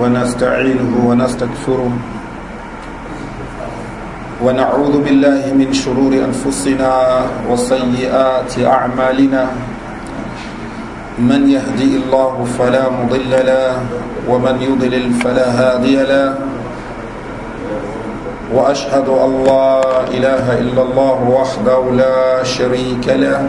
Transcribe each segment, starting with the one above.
ونستعينه ونستكثره ونعوذ بالله من شرور أنفسنا وسيئات أعمالنا من يهدي الله فلا مضل له ومن يضلل فلا هادي له وأشهد أن لا إله إلا الله وحده لا شريك له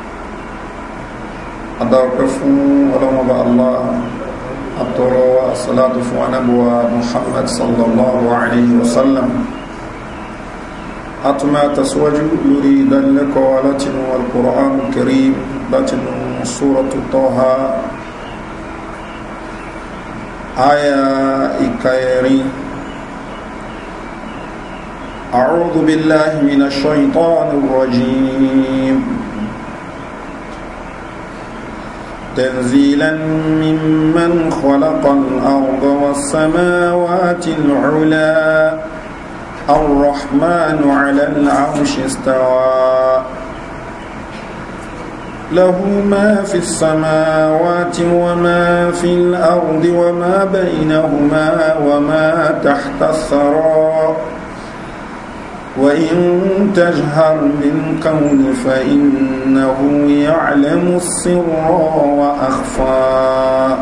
adáwọ̀pẹ́ fún ọlọ́mọba allah àtọrọ asọ́látò fún anábọ̀wà muhammad sallallahu alayhi wa sallam a tún máa tẹ̀síwájú lórí ìdánilẹ́kọ̀ọ́ látinú alkùrán karim látinú sóràtú tọ́ha aya ìkàyẹ̀rin أعوذ بالله من الشيطان الرجيم تنزيلا ممن خلق الأرض والسماوات العلا الرحمن على العرش استوى له ما في السماوات وما في الأرض وما بينهما وما تحت الثرى وإن تجهر بالقول فإنه يعلم السر وأخفى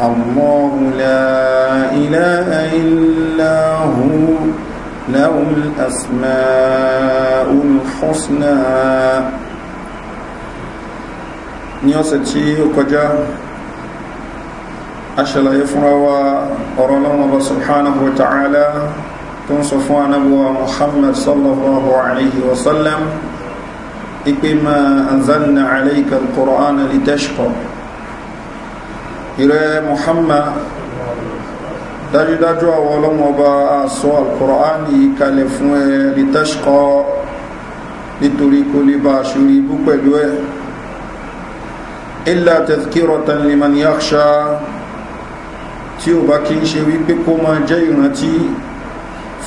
الله لا إله إلا هو له الأسماء الحسنى ní ọ̀sẹ̀ tí ó kọjá aṣàlàyé fúnra wa ọ̀rọ̀ tó ń sọ fún anábúwa muhammad sallallahu alayhi wa sallam ipe ma anzalna alayka alquran litashqa ìrẹ́ muhammad dájúdájú àwọn ọlọ́mọba àṣọ alquran yìí kalẹ̀ fún ẹ litashqa nítorí kó lè bá aṣorí ibú pẹ̀lú ẹ illa tazkiratan liman tí ó bá kí ń ṣe wípé kó máa jẹ́ ìrántí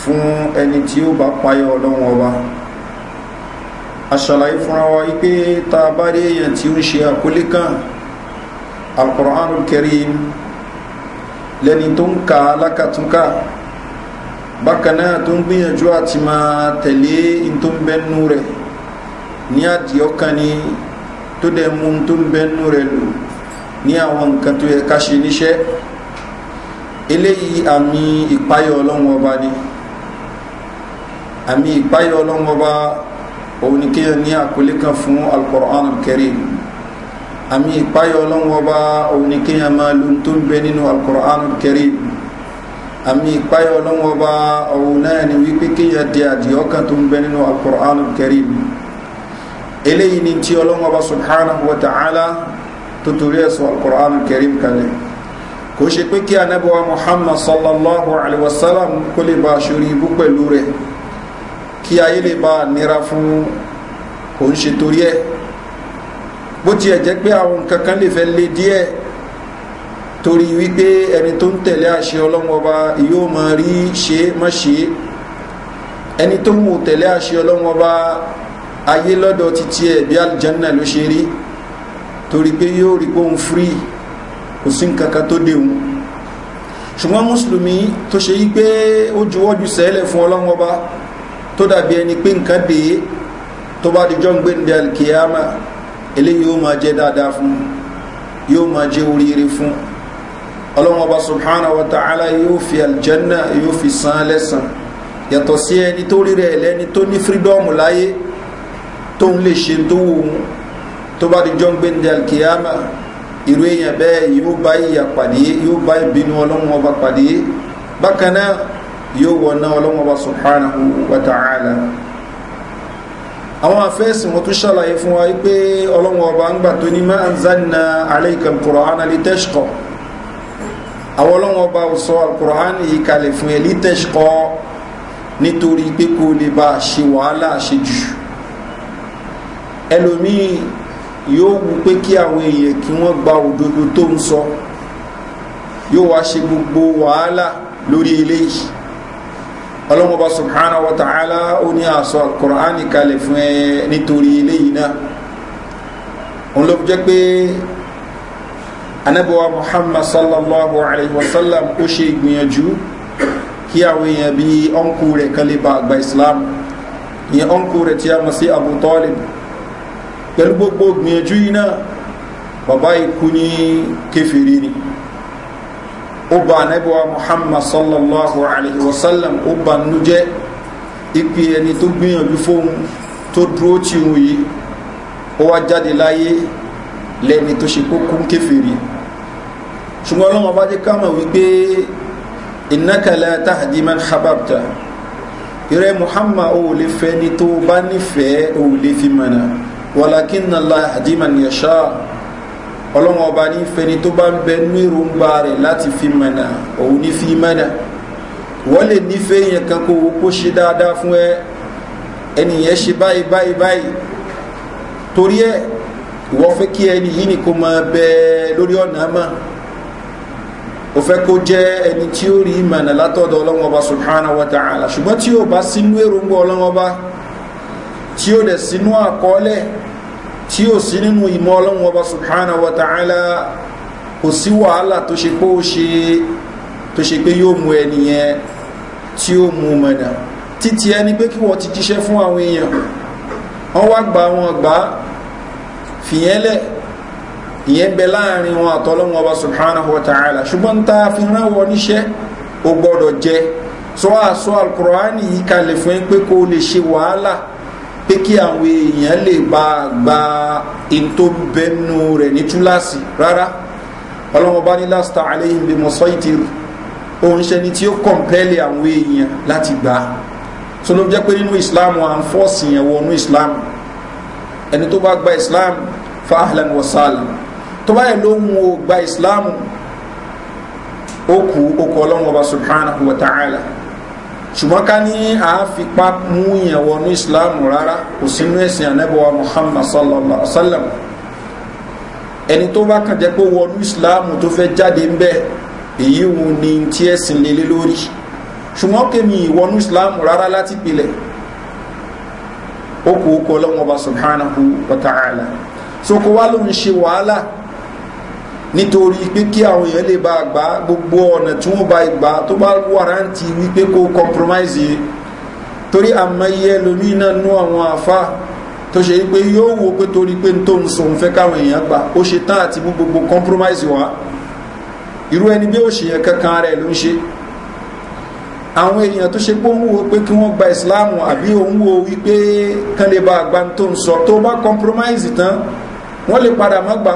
fún ẹni tí ó bá payọ ọlọ́run ọba aṣàlàyé fúnra wa wípé ta bá rí èèyàn tí ó ń ṣe àkólé kan alkùránù kẹrin lẹni tó ń ka alákàtúnkà bákan náà tó ń gbìyànjú àti máa tẹ̀lé in tó ń bẹnu rẹ̀ ní àdìọ́kan ni tó dẹ̀ mú tó ń bẹnu rẹ̀ lò ní àwọn nǹkan tó yẹ ká ṣe níṣẹ́ eléyìí àmì ìpayọ̀ ọlọ́run ọba ni. Eléyìí, àmì ìpáyọ̀ ọlọ́run ọba òun ni kéèyàn ní àkọlé kan fún alukoran alkarim àmì ìpáyọ̀ ọlọ́run ọba òun ni kéèyàn máa lu tó ń bẹ nínú alukoran alkarim àmì ìpáyọ̀ ọlọ́run ọba òun náà ni wípé kéèyàn di àdìọ́kàn tó ń bẹ nínú alukoran alkarim eléyìí ni tí ọlọ́run ọba subhanahu wa ta'ala tó torí ẹ̀sùn alukoran alkarim kalẹ̀ kò ṣe pé kí anábọ̀wá muhammad sallallahu alaihi wasallam kó lè bá aṣọ kí ayé lè bá nira fún kò ń ṣe torí ẹ̀ bó tiẹ̀ jẹ́ pé àwọn nǹkan kan lè fẹ́ lé díẹ̀ torí wípé ẹni tó ń tẹ̀lé àṣẹ ọlọ́run ọba yóò mọ rí ṣe má ṣe ẹni tó ń tẹ̀lé àṣẹ ọlọ́run ayé lọ́dọ̀ títí ẹ̀ bí aljanna ló ṣe rí torí pé yóò rí pé òun free kò sí nǹkan kan tó dé òun ṣùgbọ́n mùsùlùmí tó ṣe yí pé ó juwọ́jú sẹ́lẹ̀ fún ọlọ́run tó dàbí ẹni pé nǹkan dé tó bá dijọ́ ń gbé ní alkiyama eléyìí yóò máa jẹ́ dáadáa fún yóò máa jẹ́ oríire fún ọlọ́wọ́n ọba subhanahu wa ta'ala yóò fi aljanna yóò fi san lẹ́sàn yàtọ̀ sí ẹni tó rí rẹ̀ lẹ́ni tó ní fírídọ́ọ̀mù láyé tó ń lè ṣe tó wù ú tó bá dijọ́ ń gbé ní alkiyama irú èèyàn bẹ́ẹ̀ yóò bá ìyà pàdé yóò bá ìbínú ọlọ́wọ́n ọba pàdé bákan náà yóò wọ náà ọlọ́mọba subhanahu wa ta'ala àwọn afẹ́sìn wọn tún ṣàlàyé fún wa pé ọlọ́mọba ń gbà tó ní ma anzalna alayka al-Qur'ana litashqa àwọn ọlọ́mọba sọ al-Qur'an yìí kalẹ̀ fún ẹ litashqa nítorí pé kó lè bá ṣe wàhálà ṣe jù ẹlòmíì yóò wù pé kí àwọn èèyàn kí wọ́n gba òdodo tó ń sọ yóò wá ṣe gbogbo wàhálà lórí eléyìí ọlọ́mọba subhanahu wa ta'ala ó ní àṣọ alukur'ani kalẹ̀ fún ẹ nítorí eléyìí náà òun ló fi jẹ́ pé anabiwa muhammad sallallahu alayhi wa sallam ó ṣe ìgbìyànjú kí àwọn èèyàn bíi ọ̀nkù rẹ̀ kan lè àgbà islam ìyẹn ọ̀nkù rẹ̀ tí a sí abu talib pẹ̀lú gbogbo ìgbìyànjú yìí náà bàbá ikú ní kẹfìrí ni ó ba anabi wa muhammad sallallahu alayhi wa sallam ó ba nu jẹ́ ipi ẹni tó gbìyànjú fóun tó dúró tì ń yìí ó wá jáde láyé lẹ́ni tó ṣe kókó ń kéfèrè ṣùgbọ́n ọlọ́wọ́n bá jẹ́ kámọ̀ wípé ìnákàlẹ̀ tahadiman hababta ìrẹ́ muhammad ò lè fẹ́ ni tó bá nífẹ̀ẹ́ ò lè fi mọ̀nà wàlákínà lahadiman yasha' ọlọ́wọ́n ọba ní fẹni tó bá ń bẹ nínú èròǹgbà rẹ̀ láti fi mọ̀nà òun ní fi mọ̀nà wọ́n lè nífẹ̀ẹ́ yẹn kan kó o kó ṣe dáadáa fún ẹ ẹnìyẹn ṣe báyìí báyìí báyìí torí ẹ wọ́n fẹ́ kí ẹni yìí nìkan máa bẹ lórí ọ̀nà mọ́ o fẹ́ kó jẹ́ ẹni tí ó rí ìmọ̀nà látọ̀dọ̀ ọlọ́wọ́n ọba subhanahu wa ta'ala ṣùgbọ́n tí yóò bá sínú èròǹgbà ọlọ́wọ́n ọba tí yóò tí ó sí nínú ìmọ̀ ọlọ́run ọba subhana wa ta'ala kò sí wàhálà tó ṣe pé ó ṣe tó ṣe pé yóò mú ẹnìyẹn tí ó mú mọ̀nà títí ẹni pé kí wọ́n ti jíṣẹ́ fún àwọn èèyàn wọ́n wá gba wọn gbá fìyẹ́lẹ̀ ìyẹn bẹ láàrin wọn àtọ́lọ́wọ́n ọba subhana wa ta'ala ṣùgbọ́n tá fi rán wọn níṣẹ́ ó gbọ́dọ̀ jẹ sọ àṣọ alukur'ani yìí kalẹ̀ fún ẹ pé kó o lè ṣe wàhálà pé kí àwọn èèyàn lè bá gba ètò bẹnu rẹ̀ ní túláàsì rárá ọlọ́wọ́n bá ní lásìtà aléyìn bí mọ̀sọ́ ìtìrì òun ṣe ni tí ó kọ̀m̀pẹ́lì àwọn èèyàn láti gbà á tó ló jẹ́ pé nínú islam à ń fọ́ọ̀sì yẹn wọnú islam ẹni tó bá gba islam fa ahlan wa sahlan tó báyìí ló ń wo gba islam ó kú ó kọ ọlọ́wọ́n subhanahu wa ta'ala ṣùgbọ́n ká ní àáfipá mú yẹn wọnú ìsìláàmù rárá kò sínú ẹ̀sìn ànábọ̀wá muhammad sallallahu alaihi wa sallam ẹni tó bá kàn jẹ́ pé wọnú ìsìláàmù tó fẹ́ jáde ń bẹ́ẹ̀ èyí wo ni tí ẹ̀sìn lélẹ́ lórí ṣùgbọ́n kémi ìwọnú ìsìláàmù rárá láti pilẹ̀ ó kò kọ́ ọlọ́wọ́n ọba subhanahu wa ta'ala so kó wá ló ṣe wàhálà nítorí pé kí àwọn èèyàn lè ba gbà gbogbo ọ̀nà tí wọ́n bá gbà tó bá wàrántì wípé kó compromise yìí torí àmọ́yé ẹlòmíì náà nú àwọn àfá tó ṣe pé yóò wo pé torí pé tó ń sọ òun fẹ́ káwọn èèyàn gbà ó ṣe tán àti mú gbogbo compromise wá irú ẹni bí ó ṣe yẹn kankan rẹ̀ ló ń ṣe àwọn èèyàn tó ṣe pé òun wo pé kí wọ́n gba islam àbí òun wo wípé kán lè ba àgbà tó ń sọ tó bá compromise tán wọ́n lè padà mọ́ gbà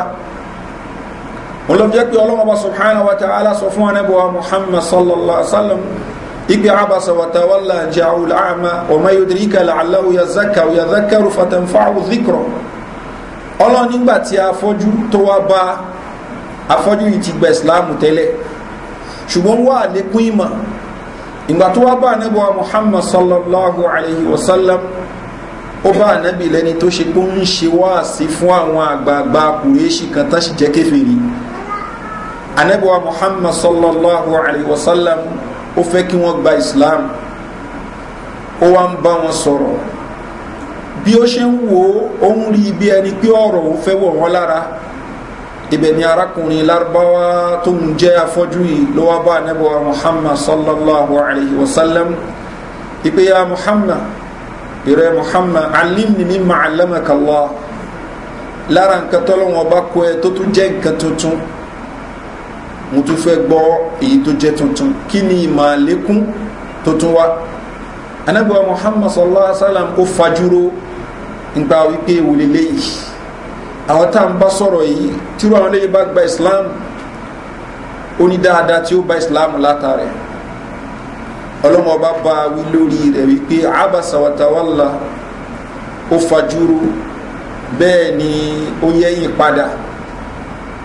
wọn lọ jẹ́ pé ọlọ́wọ́ bá subhanahu wa ta'ala sọ fún anábọ̀wá muhammad sallallahu alaihi wa sallam igbe abasa wa tawalla ja'ul a'ma wa ma yudrika la'allahu yazakka wa yadhakkaru fatanfa'u dhikra ọlọ́run nígbà tí afọ́jú tó wá bá afọ́jú yìí ti gba ìsìláàmù tẹ́lẹ̀ ṣùgbọ́n wà lékún ìmọ̀ ìgbà tó wá bá ànábì wa muhammad sallallahu alayhi wa sallam ó bá ànábì lẹ́ni tó ṣe pé ń ṣe wáàsí fún àwọn àgbààgbà kùrẹ́ṣì kan tá sì jẹ́ kéfèrè anabiwa muhammad sallallahu alayhi wa sallam ó fẹ́ kí wọ́n gba islam ó wá ń bá wọn sọ̀rọ̀ bí ó ṣe ń wo òun rí bí ẹni pé ọ̀rọ̀ òun fẹ́ wọ̀ wọ́n lára ibẹ̀ ni arákùnrin lárúbáwá tó ń jẹ́ afọ́jú yìí ló wá bá anabiwa muhammad sallallahu alayhi wa sallam ya muhammad ìrẹ muhammad alimni mimma alamaka allah lára nǹkan bá kọ́ ẹ tó tún jẹ́ nǹkan mo tún fẹ́ gbọ́ èyí tó jẹ́ tuntun kí ni ìmọ̀ àlékún tó tún wá anábíwá muhammad sallallahu alaihi wasallam sallam ó fajúro nípa wípé wòlé léyìí àwọn tá à ń bá sọ̀rọ̀ yìí tírú àwọn léyìí bá gba islam ó ní dáadáa tí ó bá islam látàrẹ̀ ọlọ́mọba bá wí lórí rẹ̀ wípé abasa watawala ó fajúro bẹ́ẹ̀ ni ó yẹ́yìn padà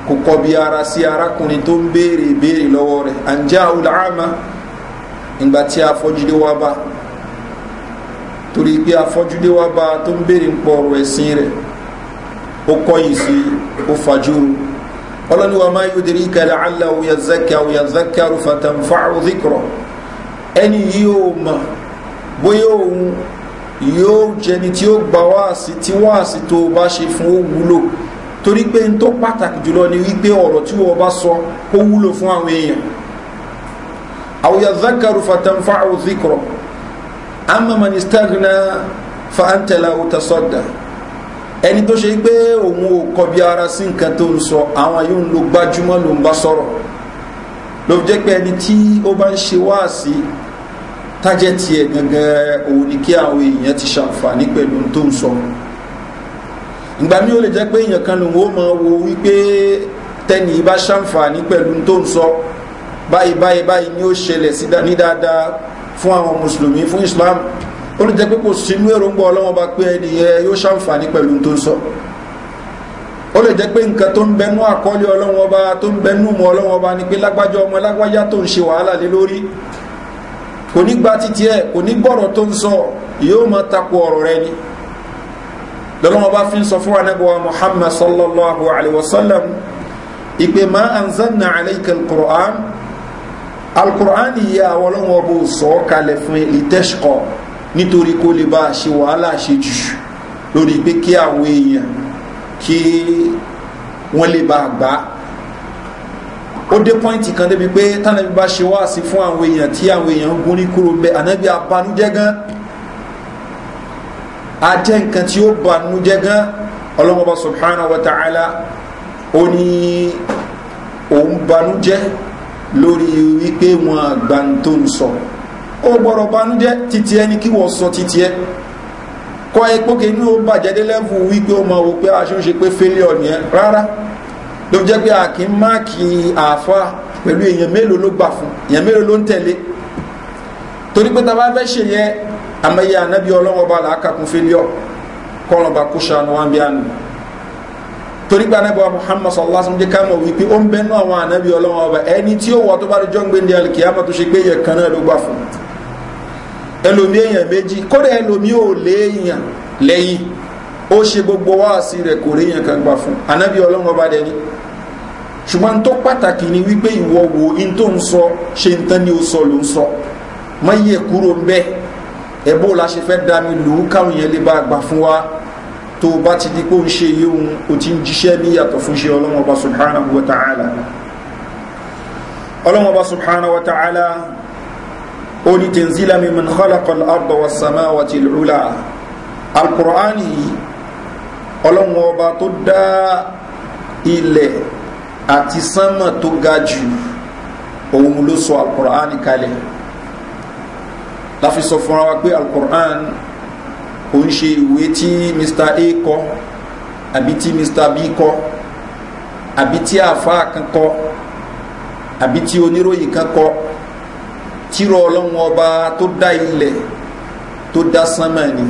kò kọbi ara sí arákùnrin tó ń béèrè ìbéèrè lọ́wọ́ rẹ̀ àǹjá olàámà ìgbà tí afọ́júdé wá bá torí pé afọ́júdé wá bá tó ń béèrè ń pọ̀ ọ̀rọ̀ ẹ̀sìn rẹ̀ ó kọ́yìn sí ó fàjúrù ọlọ́ni wa máa yóò dérí kalẹ̀ aláwọ̀ yazaka yazaka rufatanfa ọ̀díkọ̀rọ̀ ẹni yóò mọ̀ bóyá òun yóò jẹni tí ó gbà wáàsí tí wáàsí tó bá ṣe fún ó wúlò torí pé n tó pàtàkì jùlọ ni wípé ọ̀rọ̀ tí wọ́n bá sọ kó wúlò fún àwọn èèyàn àwòyà zakaru fatanfa àwòzíkọ̀rọ̀ amaman istagna fa antela otasọ́dà ẹni tó ṣe pé òun ò kọbi ara sí nǹkan tó ń sọ àwọn yóò ń lo gbájúmọ́ ló ń bá sọ̀rọ̀ ló fi jẹ́ pé ẹni tí ó bá ń ṣe wáàsí tájẹ́ tiẹ̀ gangan òun ni kí àwọn èèyàn ti ṣàǹfààní ìgbà mi ò lè jẹ́ pé èèyàn kan lòun ó mọ wo wípé tẹ́ni bá ṣàǹfààní pẹ̀lú tó ń sọ báyìí báyìí báyìí ni ó ṣẹlẹ̀ ní dáadáa fún àwọn mùsùlùmí fún islam ó lè jẹ́ pé kò sínú èròǹgbà ọlọ́wọ́n bá pé ẹni yẹ yóò ṣàǹfààní pẹ̀lú tó ń sọ ó lè jẹ́ pé nǹkan tó ń bẹnú àkọ́lé ọlọ́wọ́n ọba tó ń bẹnú mọ́ ọlọ́wọ́n ọba ni pé lágbájá ọmọ lágbájá tó ń ṣe wàhálà lé lórí kò ní gba títí ẹ kò ní gbọ́rọ̀ tó ń sọ yóò máa takò ọ̀rọ̀ rẹ ni lọ́lọ́wọ́ bá fi ń sọ fún wa nẹ́bọ̀ muhammad sallallahu alaihi wasallam ìpè ma anzanna alayka alquran alquran yìí àwọn ọlọ́wọ́ bó sọ kalẹ̀ fún litashqa nítorí kó lè bá ṣe wàhálà ṣe jù lórí pé kí àwọn èèyàn kí wọ́n lè bá gbá ó dé pọ́ìntì kan débi pé tánàbí bá ṣe wá sí fún àwọn èèyàn tí àwọn èèyàn gún ní kúrò bẹ́ẹ̀ ànábì abanújẹ́ gan-an àjẹ́ nǹkan tí ó bà nú jẹ́ gan ọlọ́mọba subhanahu wa ta'ala ó ní òun banújẹ́ lórí wípé wọn àgbà tó ń sọ ó gbọ́dọ̀ banújẹ́ títí ẹni kí wọ́n sọ títí ẹ kọ́ epo kìíní ó bàjẹ́ dé lẹ́fù wípé ó máa wò pé aṣọ ń ṣe pé failure nìyẹn rárá ló jẹ́ pé àkí máàkì àáfà pẹ̀lú èèyàn mélòó ló gbà fún èèyàn mélòó ló ń tẹ̀lé torí pé tá a bá fẹ́ ṣe yẹn amẹ́yẹ anabi ọlọ́wọ́ bá la kakun fẹ́lẹ́ ọ kọ́nà bá kó sànù wọn bí àná torí gba anabi wa muhammad sallallahu alaihi wa sallam jẹ́ káwọn wípé ó ń bẹ́ nú àwọn anabi ọlọ́wọ́ bá ẹni tí ó wọ́ tó bá rí jọ́ngbé ní alikiyama tó ṣe pé yẹ kan náà ló gbà fún ẹlòmí èèyàn méjì kódà ẹlòmí ò léèyàn lẹ́yìn ó ṣe gbogbo wáàsí rẹ̀ kò réèyàn kan gbà fún anabi ọlọ́wọ́ bá dẹni ṣùgbọ́n tó pàtàkì ni wípé ìwọ wo in tó ń sọ ṣe ń tán ni ó sọ ló ń sọ má ẹ̀bó la ṣe fẹ́ dami lù ú káwọn yẹn lè bá gbà fún wa tó bá ti di pé ó ń ṣe yé òun ó ti ń jíṣẹ́ ní yàtọ̀ fún ṣe ọlọ́wọ́n ọba subhanahu wa ta'ala ọlọ́wọ́n ọba subhanahu wa ta'ala ó ní tẹ̀nzílà mi mọ̀ nkọ́lákọ̀lá ọ̀dọ̀ wa sàmá wa ti lùlá alukur'ani ọlọ́wọ́n ọba tó dá ilẹ̀ àti sánmà tó ga jù òun ló sọ alukur'ani kalẹ̀ láfi sọ fúnra wa pé alukur'an kò ń ṣe ìwé tí mr a kọ àbí tí mr b kọ àbí tí àáfàá kan kọ àbí tí oníròyìn kan kọ tírọ ọlọ́run ọba tó dá ilẹ̀ tó dá sánmà ni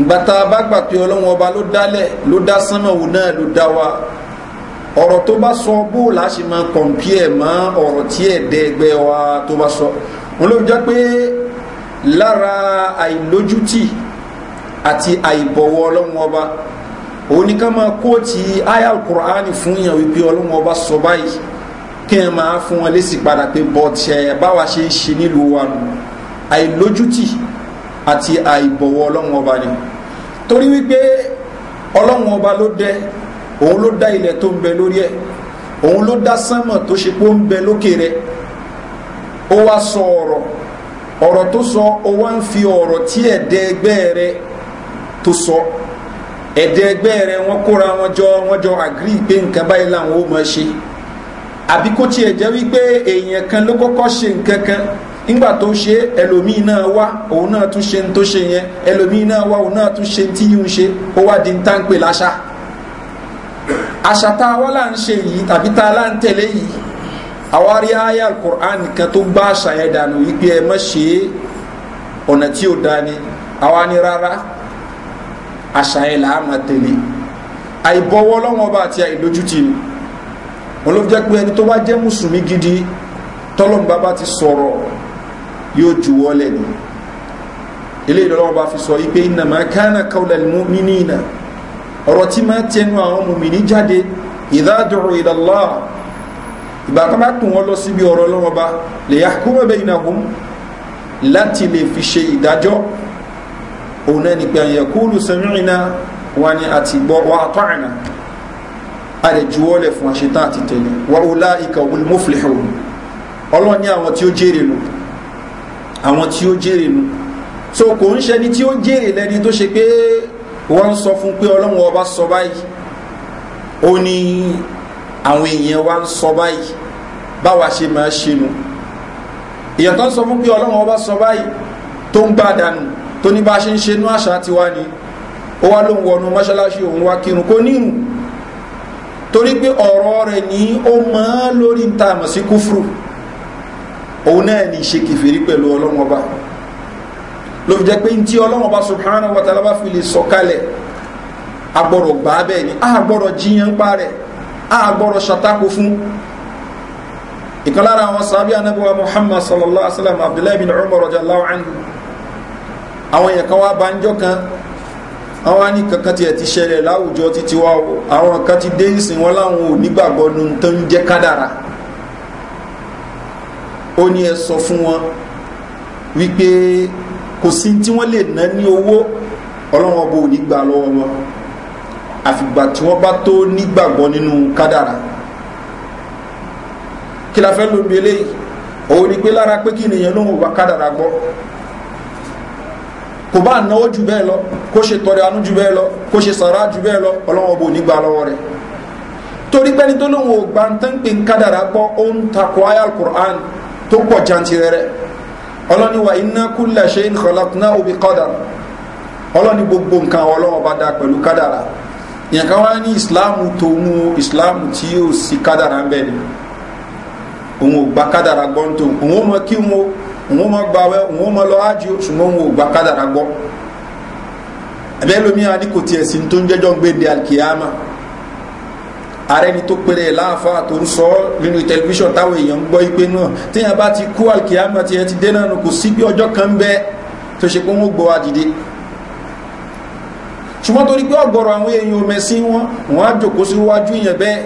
ìgbàta bá pé ọlọ́run ọba ló dálẹ̀ ló dá sánmà òun náà ló dá wa ọ̀rọ̀ tó bá sọ bó la ṣe máa kọ̀m̀pìẹ̀ mọ́ ọ̀rọ̀ tí ẹ̀ẹ́dẹ́gbẹ́ wa tó bá sọ. So wọn ló jẹ́ pé lára àìlójútì àti àìbọ̀wọ̀ ọlọ́run ọba òun ni ká máa kóòtì aya alukur'ani fún yàn wípé ọlọ́run ọba sọ báyìí kí ẹ máa fún wọn lésì padà pé bọ́ọ̀tì báwa ṣe ń ṣe nílùú wa nù àìlójútì àti àìbọ̀wọ̀ ọlọ́run ọba ni torí wípé ọlọ́run ọba ló dẹ òun ló dá ilẹ̀ tó ń bẹ lórí ẹ̀ òun ló dá sánmọ̀ tó ṣe pé ó ń bẹ lókè rẹ̀ ó wá sọ tó sọ ó wá ń fi ọrọ tí ẹ̀dẹ́ ẹgbẹ́ rẹ tó sọ ẹgbẹ́ rẹ kóra wọn jọ wọn jọ àgírí pé nǹkan báyìí làwọn ó máa ṣe àbí kó wípé èèyàn kan ló se ṣe nǹkan kan nígbà tó ṣe náà wá òun náà tún ṣe tó ṣe yẹn náà wá òun náà tún ṣe tí yìí di tá ń pè láṣà àṣà tá a wá là ń ṣe àwárí ayé alukur'an kan tó gbá àṣà yẹn dànù wípé ẹ má ṣe ọ̀nà tí ò dání àwa ni rárá àṣà yẹn là á máa tẹ̀lé àìbọ̀wọ́ lọ́wọ́n bá àti àìlójútì ni wọn ló jẹ́ pé ẹni tó bá jẹ́ mùsùlùmí gidi tọ́lọ́mùbá bá ti sọ̀rọ̀ yóò juwọ́ ni ilé ìdọ́lọ́wọ́n bá fi sọ wípé ìnàmá kánà kọ́lẹ̀ mí ní ìnà ọ̀rọ̀ tí máa tẹnu àwọn mùmí ní jáde ìgbà kan bá kùn wọn lọ síbi ọ̀rọ̀ ọlọ́wọ́ bá lè yá kú mẹ́bẹ̀ iná hùn láti lè fi ṣe ìdájọ́ òun náà ni pé àyẹ̀ kúlù sẹ́mìnà wọn ni àti gbọ́ wa àtọ́ àná a lè juwọ́lẹ̀ fún àṣetán àti tẹ̀lé wa ó lá ikà òun mọ́fìlẹ̀ òun ọlọ́ni àwọn tí ó jèrè nù àwọn tí ó jèrè nù so kò ń ṣẹni tí ó jèrè lẹni tó ṣe pé wọ́n ń sọ fún pé ọlọ́run ọba sọ báyìí ó ní àwọn èèyàn wa ń sọ báyìí báwa ṣe máa ṣe nu èèyàn tó ń sọ fún pé ọlọ́run ọba sọ báyìí tó ń gbà dànù tó ní bá ṣe ń ṣe inú àṣà tiwa ni ó wá lóun wọnú mọ́ṣáláṣí òun wá kírun kó nírun torí pé ọ̀rọ̀ rẹ̀ ní ó mọ́ lórí ń ta àmọ̀ sí kúfrù òun náà ní ṣe kìfèrí pẹ̀lú ọlọ́run ọba ló fi jẹ́ pé ní tí ọlọ́run ọba subhanahu wa ta'ala bá fi lè sọ̀kalẹ̀ agbọ́dọ̀ gbà á bẹ́ẹ̀ ni a gbọ́dọ̀ jiyàn pa rẹ̀ àgbọ̀rọ̀ ṣàtakò fún ìkan lára àwọn sàbí anábíwá muhammad sallallahu alaihi wasallam abdullahi bin umar rajallahu anhu àwọn èèyàn kan wá bá ń jọ kan àwọn ní kankan tiẹ̀ ti ṣẹlẹ̀ láwùjọ títí wá o àwọn kan ti dé ìsìn wọn láwọn ò nígbàgbọ́ nu tó ń jẹ́ kádàrà ó ní ẹ sọ fún wọn wípé kò sí tí wọ́n lè ná ní owó ọlọ́wọ́n bò ní gbà lọ́wọ́ wọn àfìgbà tí wọ́n bá tó nígbàgbọ́ nínú kádàrà kí la fẹ́ ló bí eléyìí òun ni pé lára pé kí nìyẹn ló ń wà kádàrà gbọ́ kò bá náwó jù bẹ́ẹ̀ lọ kó ṣe tọrẹ anú jù bẹ́ẹ̀ lọ kó ṣe sàrá jù bẹ́ẹ̀ lọ ọlọ́wọ́ bò nígbà lọ́wọ́ rẹ̀ torí pẹ́ni tó lóun ò gbà ń tán pé ń kádàrà gbọ́ ó ń takò ayé alukur'an tó pọ̀ jantirẹrẹ ọlọ́ni wa iná kúlẹ̀ ṣe ń kọ́lá náà ó bí kádàrà ọlọ́ni gbogbo nǹkan ọlọ́wọ́ bá dá pẹ̀lú kádàrà ìyàn kan wá ní ìsìláàmù tòun ìsìláàmù tí yóò sí kádàrà ń ni òun ò gba kádàrà gbọ́ ń tòun òun ò mọ kí wọn òun ò mọ gbawẹ́ òun ò mọ lọ ájú ṣùgbọ́n òun ò gba kádàrà gbọ́ ẹ̀bẹ́lómíà ní kò tiẹ̀ sí tó ń jẹ́jọ́ gbéde alkiyama ààrẹ ni tó péré ẹ̀ láàfáà tó ń sọ nínú tẹlifíṣàn táwọn èèyàn ń gbọ́ ipe náà téèyàn bá ti kú alkiyama tiẹ̀ ti dé náà kò sí bí ọjọ́ kan bẹ́ẹ̀ tó ṣe pé wọ́n gbọ́ adìde ṣùgbọ́n torí pé ọ̀gọ̀rọ̀ àwọn èèyàn mẹ́sìn wọn wọ́n á jòkó síwájú yẹn bẹ́ẹ̀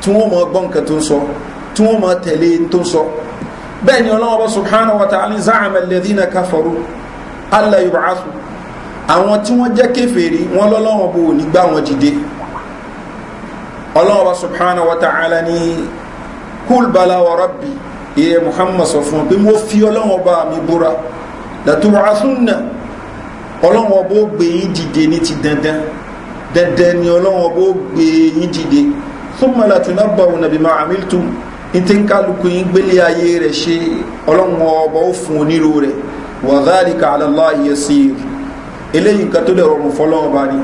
tí wọ́n mọ gbọ́ nǹkan tó ń sọ tí wọ́n mọ tẹ̀lé tó ń sọ bẹ́ẹ̀ ni ọlọ́wọ́ bá subhanahu wa ta'ala za'ama alladhina kafaru alla yub'athu àwọn tí wọ́n jẹ́ kèfèrí wọn lọ́lọ́wọ́ bò ní gbá wọn dìde ọlọ́wọ́ bá subhanahu wa ta'ala ní kúl bala wa rabbi iye muhammad sọ fún wọn pé mo fi ọlọ́wọ́ bá mi búra latubasunna ọlọ́wọ́n ọba ó gbé yín dìde ní ti dandan dandan ni ọlọ́wọ́n ọba ó gbé yín dìde thumma latunabbauna bima amiltum ntí ń kálukú yín gbélé ayé rẹ̀ ṣe ọlọ́wọ́n ọba ó fún onírú rẹ̀ wa dhalika ala Allahi yasir eléyìí nǹkan tó dẹ̀ rọrùn fọlọ́wọ́n ọba ni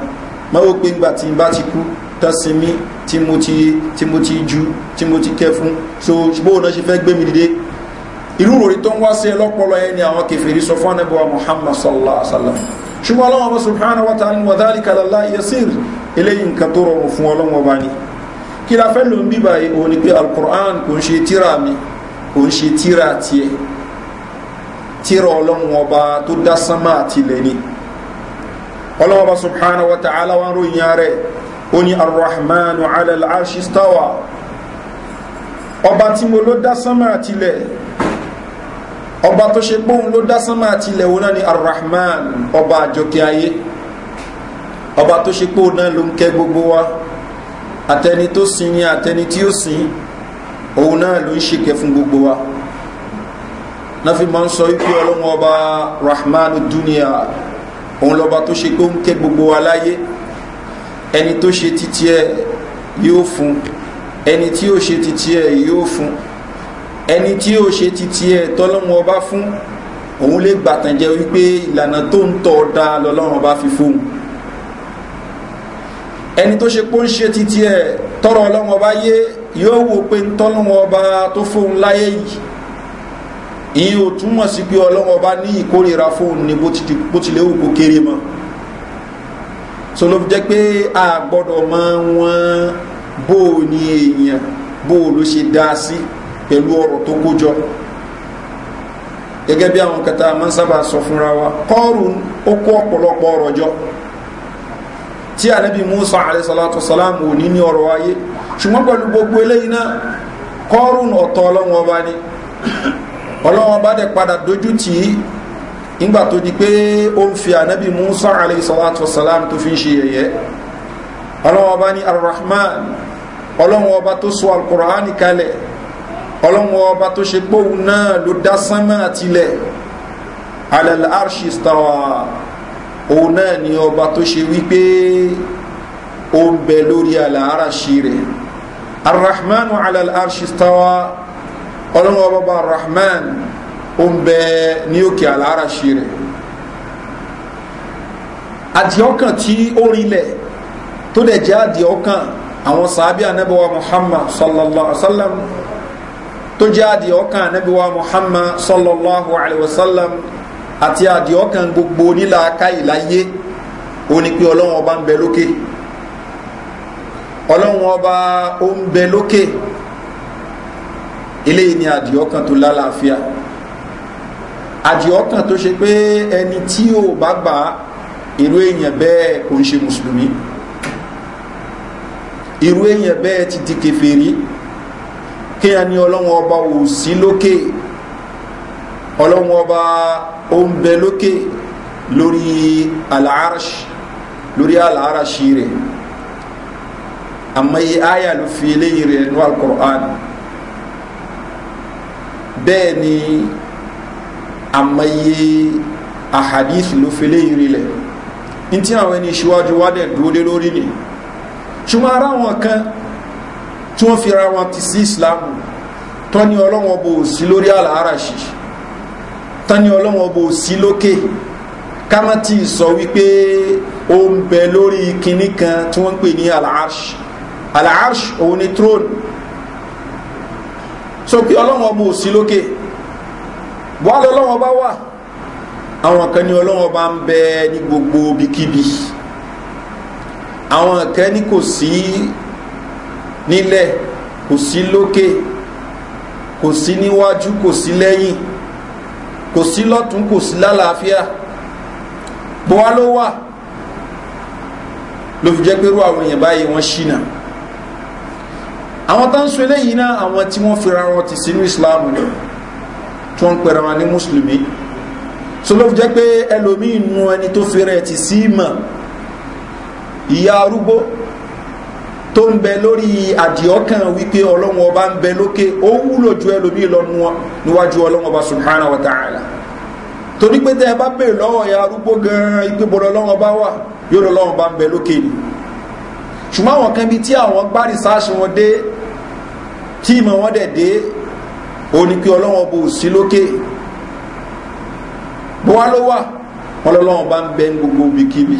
máa wó pé ńgbà tí n bá ti kú tásímí tí mo ti tí mo ti ju tí mo ti kẹ fún so bóun náà ṣe fẹ́ gbé mi dìde irú ròrí tó ń wá sí ẹ lọ́pọlọ yẹn ni àwọn kèfèrí sọ fún anábọ́wá Muhammad sallallahu alaihi wa sallam ṣùgbọ́n ọlọ́wọ́n bá subhanahu wa ta'ala wa dhalika lillahi yasir eléyìí nǹkan tó rọrùn fún ọlọ́wọ́n bá ní kí la fẹ́ ló ń bí báyìí òun ni pé alukur'an kò ń ṣe tíra mi kò ń ṣe tíra tiẹ̀ tíra ọlọ́wọ́n bá tó dá sánmà subhanahu wa ta'ala wa ń ròyìn rẹ̀ ó ala al-arshi stawa ọba mo ló dá sánmà àtìlẹ̀ ọba tó ṣe gbóhun ló dá sánmà àti ilẹ̀ òun náà ni arrahman ọba àjọkẹ́ ayé ọba tó ṣe gbóhun náà ló ń kẹ́ gbogbo wa àtẹni tó sin ni àtẹni tí ó sin òun náà ló ń ṣèkẹ́ fún gbogbo wa náà máa ń sọ wípé ọlọ́run ọba rahman dunia òun lọ́ba tó ṣe gbóhun kẹ́ gbogbo wa láyé ẹni tó ṣe títí ẹ yóò fún ẹni tí ó ṣe títí ẹ yóò fún ẹni tí ó ṣe titi ẹ tọ́lọ́run ọba fún òun lè gbàtàn jẹ wípé ìlànà tó ń tọ́ da lọ́lọ́run ọba fi fóun ẹni tó ṣe pé ń ṣe titi ẹ tọrọ ọlọ́run ọba yé yóò wò pé ń tọ́lọ́run ọba tó fóun láyé yìí ìyẹn ò túmọ̀ sí pé ọlọ́run ọba ní ìkórira fóun ni bó tilẹ̀ wù kó kéré mọ́ sọlọ jẹ́ pé a gbọ́dọ̀ máa wọn bó o ní èèyàn bó o ló ṣe dá sí. Si pẹ̀lú ọrọ̀ tó kójọ gẹ́gẹ́ bí àwọn kẹta máa sọ fúnra wa kọ́ọ̀rù ó kó ọ̀pọ̀lọpọ̀ ọrọ̀ jọ tí ànábì musa alayhisalatu salam ò ní ní ọrọ̀ ayé ṣùgbọ́n pẹ̀lú gbogbo eléyìí náà kọ́ọ̀rù ọ̀tọ̀ ọlọ́wọ́n ọba ni ọlọ́wọ́n bá dẹ̀ padà dojú tì í nígbà tó di pé ó ń fi ànábì musa alayhisalatu salam tó fi ń ṣe yẹ̀yẹ́ ọlọ́wọ́n ọba ni arrahman ọlọ́wọ́n ọba tó so alukur'ani kalẹ̀ ọlọ́wọ́ ọba tó ṣe póun náà ló dá sánmà àtilẹ̀ alẹ́lẹ́ arṣistawa òun náà ni ọba tó ṣe wípé ó ń bẹ lórí alẹ́ araṣi rẹ̀ arrahmanu alẹ́lẹ́ arṣistawa ọlọ́wọ́ ọba arrahman ó ń bẹ ní òkè alẹ́ araṣi rẹ̀ àdìọ́kàn tí ó rinlẹ̀ tó dẹ̀ jẹ́ àdìọ́kàn àwọn sàábíà nẹ́bọ̀wá muhammad sallallahu alaihi wa sallam tó jẹ́ àdìọ́kàn anábíwá muhammad sallallahu alayhi wa sallam àti àdìọ́kàn gbogbo onílàáká ìláyé ó ní pé ọlọ́run ọba ń bẹ lókè ọlọ́run ọba ó ń bẹ lókè eléyìí ni àdìọ́kàn tó lálàáfíà àdìọ́kàn tó ṣe pé ẹni tí ò bá gbà irú èèyàn bẹ́ẹ̀ kò ń ṣe mùsùlùmí irú èèyàn bẹ́ẹ̀ ti di kẹfẹ́rí kí a ní ọlọ́wọ́n ọba ò sí lókè ọlọ́wọ́n ọba ó ń bẹ lókè lórí àlàáràṣì lórí àlàáràṣì rẹ̀ àmọ́ iye àyà ló fi eléyìí rẹ̀ nú alukur'an bẹ́ẹ̀ ni àmọ́ iye àhàdíìsì ló fi eléyìí rí lẹ̀ ní tí àwọn ẹni ìṣíwájú wádẹ̀ dúró lé lórí ni ṣùgbọ́n ara wọn kan tí wọ́n fi ra wọn ti sí islam tọ́ni ọlọ́wọ́n bò sí lórí àlàáràṣì tọ́ni ọlọ́wọ́n bò sí lókè kámátì sọ wípé ó ń bẹ lórí kinní kan tí wọ́n ń pè ní àlàáràṣì àlàáràṣì òun ni throne so pé ọlọ́wọ́n bò sí lókè bọ́ọ̀lù ọlọ́wọ́n bá wà àwọn kan ní ọlọ́wọ́n bá ń bẹ ní gbogbo bikíbi àwọn kan ní kò sí nílẹ̀ kò sí lókè kò sí níwájú kò sí lẹ́yìn kò sí lọ́tún kò sí lálàáfíà bọ́wá ló wà ló fi jẹ́ pé rú àwọn èèyàn báyìí wọ́n ṣìnà àwọn tó ń sọ eléyìí náà àwọn tí wọ́n fira wọn ti sínú islam ni tí wọ́n ń pẹ̀rẹ̀ wọn ní mùsùlùmí so ló fi jẹ́ pé ẹlòmíì nu ẹni tó fira ẹ̀ ti sí ìmọ̀ ìyá arúgbó tó ń bẹ lórí àdìọ́kàn wípé ọlọ́run ọba ń bẹ lókè ó wúlò ju ẹlòmíì lọ níwájú ọlọ́run ọba subhanahu wa ta'ala torí pé tẹ́ ẹ bá bèèrè lọ́wọ́ ẹ̀ arúgbó gan-an ìpé bọ̀rọ̀ lọ́wọ́ bá wà yóò lọ lọ́wọ́ bá ń bẹ lókè ni ṣùgbọ́n àwọn kan bí tí àwọn gbá rìsáàṣì wọn dé tí ìmọ̀ wọn dẹ̀ dé ó ní pé ọlọ́wọ́ bò sí lókè bó ló wà wọn lọ́wọ́ ń bẹ gbogbo ibikíbi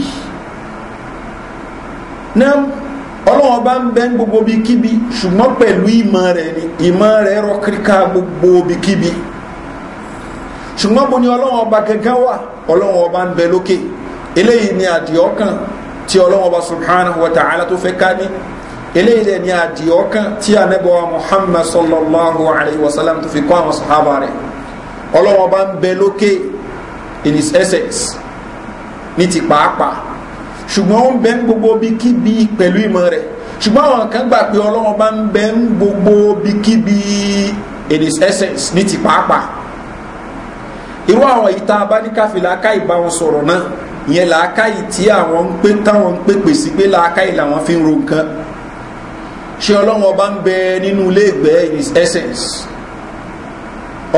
náà ọlọ́wọ́n bá ń bẹ́ ń gbogbo bí kíbi ṣùgbọ́n pẹ̀lú ìmọ̀ rẹ̀ ni ìmọ̀ rẹ̀ rọ kíríkà gbogbo bí kíbi ṣùgbọ́n bo ni ọlọ́wọ́n ọba gẹ́gẹ́ wà ọlọ́wọ́n ọba ń bẹ lókè eléyìí ni àdìọ́kàn tí ọlọ́wọ́n ọba subhanahu wa ta'ala tó fẹ́ ká ní eléyìí dẹ̀ ni àdìọ́kàn tí anẹ́bọ̀wá muhammad sallallahu alayhi wa sallam tó fi kọ́ àwọn sahaba rẹ̀ ọlọ́wọ́n ọba ń bẹ lókè in his essence ní ti pàápàá ṣùgbọ́n ó ń bẹ ń gbogbo bíkíbi pẹ̀lú ìmọ̀ rẹ̀ ṣùgbọ́n àwọn kan gbà pé ọlọ́run bá ń bẹ ń gbogbo bíkíbi in his essence ní ti pàápàá irú àwọn ìta abáníkàfẹ́ làákàyè bá wọn sọ̀rọ̀ náà ìyẹn làákàyè tí àwọn ń pé táwọn ń pèpè sí pé làákàyè làwọn fi ń ro nǹkan ṣé ọlọ́run ọba ń bẹ nínú ilé ìgbẹ́ in his essence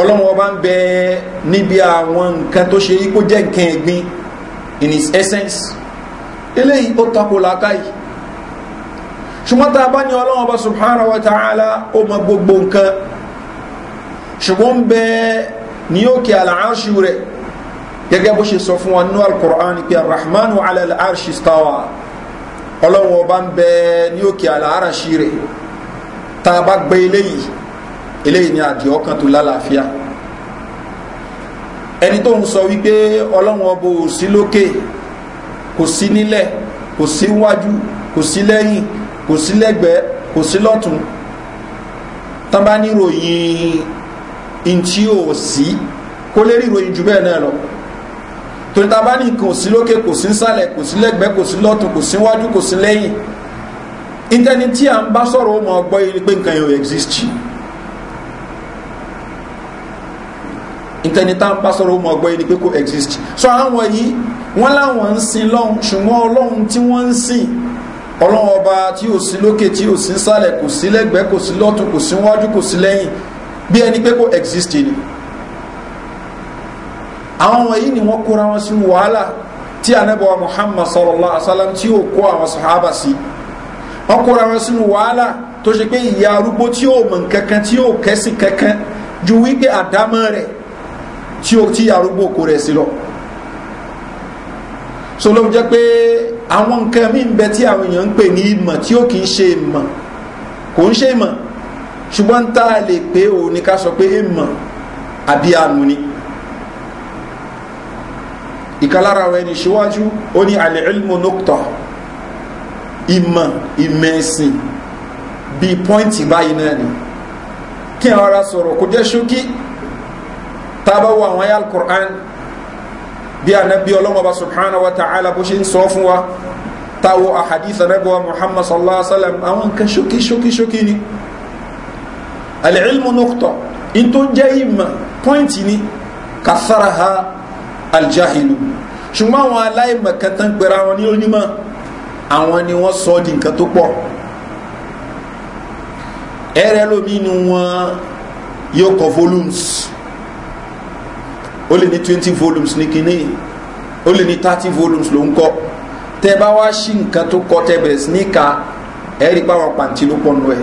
ọlọ́run ọba ń bẹ níbi àwọn nǹkan tó ṣe kó jẹ́ nǹkan ẹ̀gbin in his essence eléyìí ó tako làákàyè ṣùgbọ́n tá a bá ní ọlọ́wọ́n bá subhanahu wa ta'ala ó mọ gbogbo nǹkan ṣùgbọ́n bẹ́ẹ̀ ní òkè àlàáṣù rẹ̀ gẹ́gẹ́ bó ṣe sọ fún wa nínú alukur'an pé arahmanu ala al'arshi stawa ọlọ́wọ́n ọba ń bẹ ní òkè àlàáṣì rẹ̀ tá a bá gbé eléyìí eléyìí ni àdìọ́ kan tó lálàáfíà ẹni tó ń sọ wípé ọlọ́wọ́n ọba sí lókè kò sí nílẹ̀ kò sí wájú kò sí lẹ́yìn kò sí lẹ́gbẹ̀ẹ́ kò sí lọ́tún tán bá níròyìn in tí ò sí kó lè ríròyìn jù bẹ́ẹ̀ náà lọ torí ta bá ní nǹkan ò sí lókè kò sí nsàlẹ̀ kò sí lẹ́gbẹ̀ẹ́ kò sí lọ́tún kò sí wájú kò sí lẹ́yìn ìtẹni tí a ń bá sọ̀rọ̀ ó ọgbọ́ yìí ni pé nǹkan yóò exist ìtẹni tá ń bá sọ̀rọ̀ ó ọgbọ́ yìí ni pé kò exist so àwọn yìí wọ́n láwọn ń sin lọ́hun ṣùgbọ́n ọlọ́hun tí wọ́n ń sìn ọlọ́hun ọba tí ò sí lókè tí ò sí sálẹ̀ kò sí lẹ́gbẹ̀ẹ́ kò sí lọ́tún kò sí wájú kò sí lẹ́yìn bí ẹni pé kò exist ni àwọn wọ̀nyí ni wọ́n kóra wọn sí wàhálà tí anábọ̀wá muhammad sallallahu alaihi wa sallam tí ó kó àwọn sahaba sí wọ́n kóra wọn sínú wàhálà tó ṣe pé ìyá arúgbó tí ó mọ̀ kankan tí ó kẹ́sìn kankan ju wípé àdámọ́ rẹ̀ tí ó ti arúgbó kó rẹ̀ sí lọ so ló jẹ́ pé àwọn nǹkan mí ń bẹ tí àwọn èèyàn ń pè ní ìmọ̀ tí ó kì í ṣe ìmọ̀ kò ń ṣe ìmọ̀ ṣùgbọ́n tá a lè pé òun ni ká sọ pé ìmọ̀ àbí àánú ni ìkalára rẹ̀ ní ṣíwájú ó ní alẹ́ ilmu nukta ìmọ̀ ìmẹ̀sìn bíi pọ́ìntì báyìí náà ni kí àwọn ará sọ̀rọ̀ kó jẹ́ ṣókí tá àwọn ayé alukur'an bí anabi ọlọ́wọ́ bá subhanahu wa ta'ala bó ṣe ń sọ fún wa táwo ahadith anabiwa muhammad sallallahu alaihi wa sallam àwọn nǹkan ṣókí ṣókí ṣókí ni alilmu nukutọ in tó ń jẹ́ ìmọ̀ pọ́ìntì ni kasara ha aljahilu ṣùgbọ́n àwọn aláìmọ̀ kan tán pẹ̀rẹ̀ àwọn ní onímọ̀ àwọn ni wọ́n sọ di nǹkan tó pọ̀ ẹ̀rẹ́ lómi nu wọn yóò kọ volumes ó lè ní twenty volumes ní kinní ó lè ní thirty volumes ló ń kọ tẹ bá wá sí nǹkan tó kọ tẹ bẹ̀rẹ̀ sí ní ka ẹ rí pàwọn pàǹtí ló pọ̀ nù ẹ̀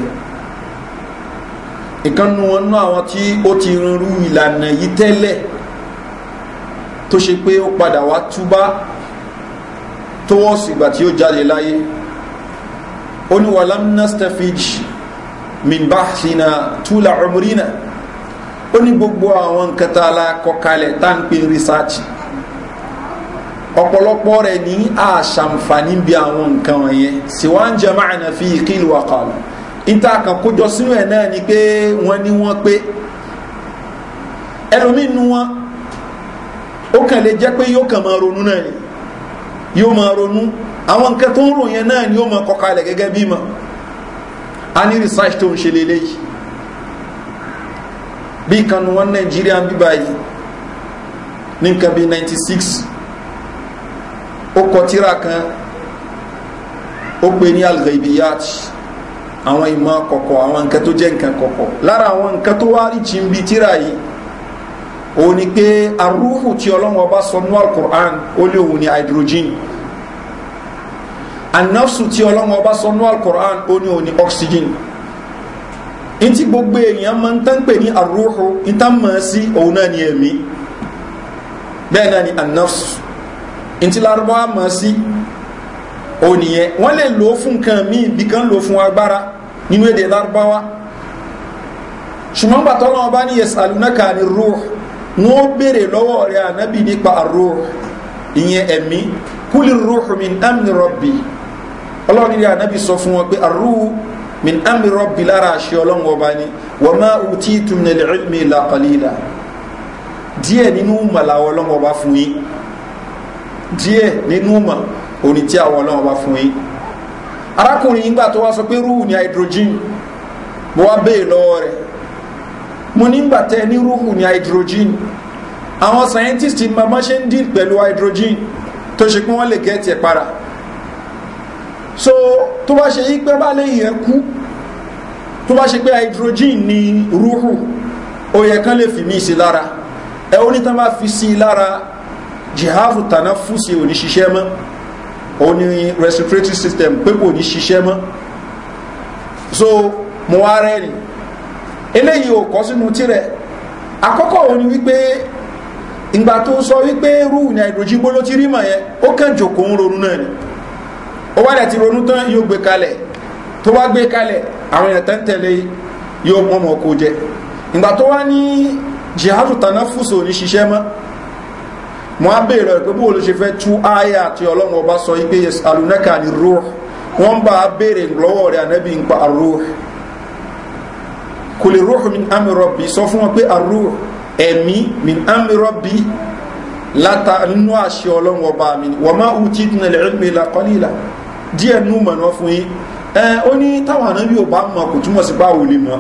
nǹkan nu wọn náà àwọn tí ó ti rinrú ìlànà yìí tẹ́lẹ̀ tó ṣe pé ó padà wá túbá tó wọ́n tí ó jáde láyé ó ní wàlámínà stefij min bá sínà túlà ọmọrínà ó ní gbogbo àwọn nǹkan tá a la kọ kalẹ̀ tá n pè research ọ̀pọ̀lọpọ̀ rẹ̀ ní àṣàǹfààní bí àwọn nǹkan wọ̀nyẹn siwa ń jẹ máàna fi qil wa qal níta kan sínú ẹ̀ náà ni pé wọ́n ní wọ́n pé ẹlòmíín nu wọn ó kàn lè jẹ́ pé yóò kàn máa ronú náà ni yóò máa ronú àwọn nǹkan tó ń ròyìn náà ni yóò máa kọ kalẹ̀ gẹ́gẹ́ bí mọ̀ a ní research tó ń ṣe lélẹ́yìí Bi kanu wọn Nigeria ń bí báyìí ní nǹkan bíi ninety six ó kọ tíra kan ó pè ní alghaibiyat àwọn ìmọ̀ kọ̀kọ̀ àwọn nǹkan tó jẹ́ nǹkan kọ̀kọ̀ lára àwọn nǹkan tó wá rí jìn bíi tíra yìí òun ni pé arúhù tí ọlọ́run ọba sọ nú alukur'an ó lé òun ní hydrogen anafsu tí ọlọ́run ọba sọ nú alukur'an ó ní òun ní oxygen in ti gbogbo èèyàn máa ń tán pè ní àrùhù in tán sí òun náà ni ẹ̀mí bẹ́ẹ̀ náà ni anafs in ti lárúbáwá mọ̀ sí òun nìyẹn wọ́n lè lò ó fún nǹkan míì bí kan lò fún agbára nínú èdè lárúbáwá ṣùgbọ́n gbàtọ́ náà bá ní yasalunaka ni ruh ní ó béèrè lọ́wọ́ rẹ̀ ànábì nípa àrùh ìyẹn ẹ̀mí kúlì ruh min amni rabbi ọlọ́run ní ànábì sọ fún wọn pé àrùh min amri rabbi lára àṣẹ ọlọ́run ọba ni wọ́n máa wù tí ìtumọ̀ ilẹ̀ ilmi ìlà kọlíìlà díẹ̀ nínú mọ̀ làwọn ọlọ́run ọba fún yín díẹ̀ nínú mọ̀ òní tí àwọn ọlọ́run ọba fún yín arákùnrin yìí gbà hydrogen mo wá béè lọ́wọ́ rẹ̀ mo nígbà tẹ́ ní rúù ní hydrogen àwọn scientist mamá ṣe ń dín pẹ̀lú hydrogen tó ṣe pé wọ́n lè gẹ́ẹ̀tì ẹ̀ para so tó bá ṣe yí pé bá lẹ́yìn ẹ tó bá ṣe pé hydrogen ni rúhù ó kan kán lè fi mí sí lára ẹ ó ní tán bá fi sí lára jihafu tana fúsi ò ní ṣiṣẹ́ mọ́ ó respiratory system pé kò ní ṣiṣẹ́ mọ́ so mo wá rẹ́rìn eléyìí ò kọ́ sínú tirẹ̀ àkọ́kọ́ òun ni wípé ìgbà tó sọ wípé ruhu ni hydrogen bolo ti rí mọ̀ yẹn ó kàn jòkó ń ronú náà ni. ó wá láti ronú tán yóò gbé kalẹ̀ tó wá gbé kalẹ̀ àwọn èèyàn tán tẹ̀lé yóò mọ́ mọ́ kó jẹ ìgbà tó wá ní jihadu tana fúso ní ṣiṣẹ́ mọ́ mo á béèrè rẹ̀ pé bó ló ṣe fẹ́ tú áyà àti ọlọ́run ọba sọ pé alunaka ni ruh wọ́n bá a béèrè lọ́wọ́ rẹ̀ ànábì ń pa ruh kò lè ruh min amri rabbi sọ fún wọn pé ruh ẹ̀mí min amri rabbi látà nínú àṣẹ ọlọ́run ọba mi wọ́n máa ń tí ìdúnnà lẹ́rìn mi là kọ́lí ìlà díẹ̀ nú mọ̀ náà fún yín ẹ ó ní táwọn àná yóò bá mọ̀ kò túmọ̀ sí pa òun lè mọ̀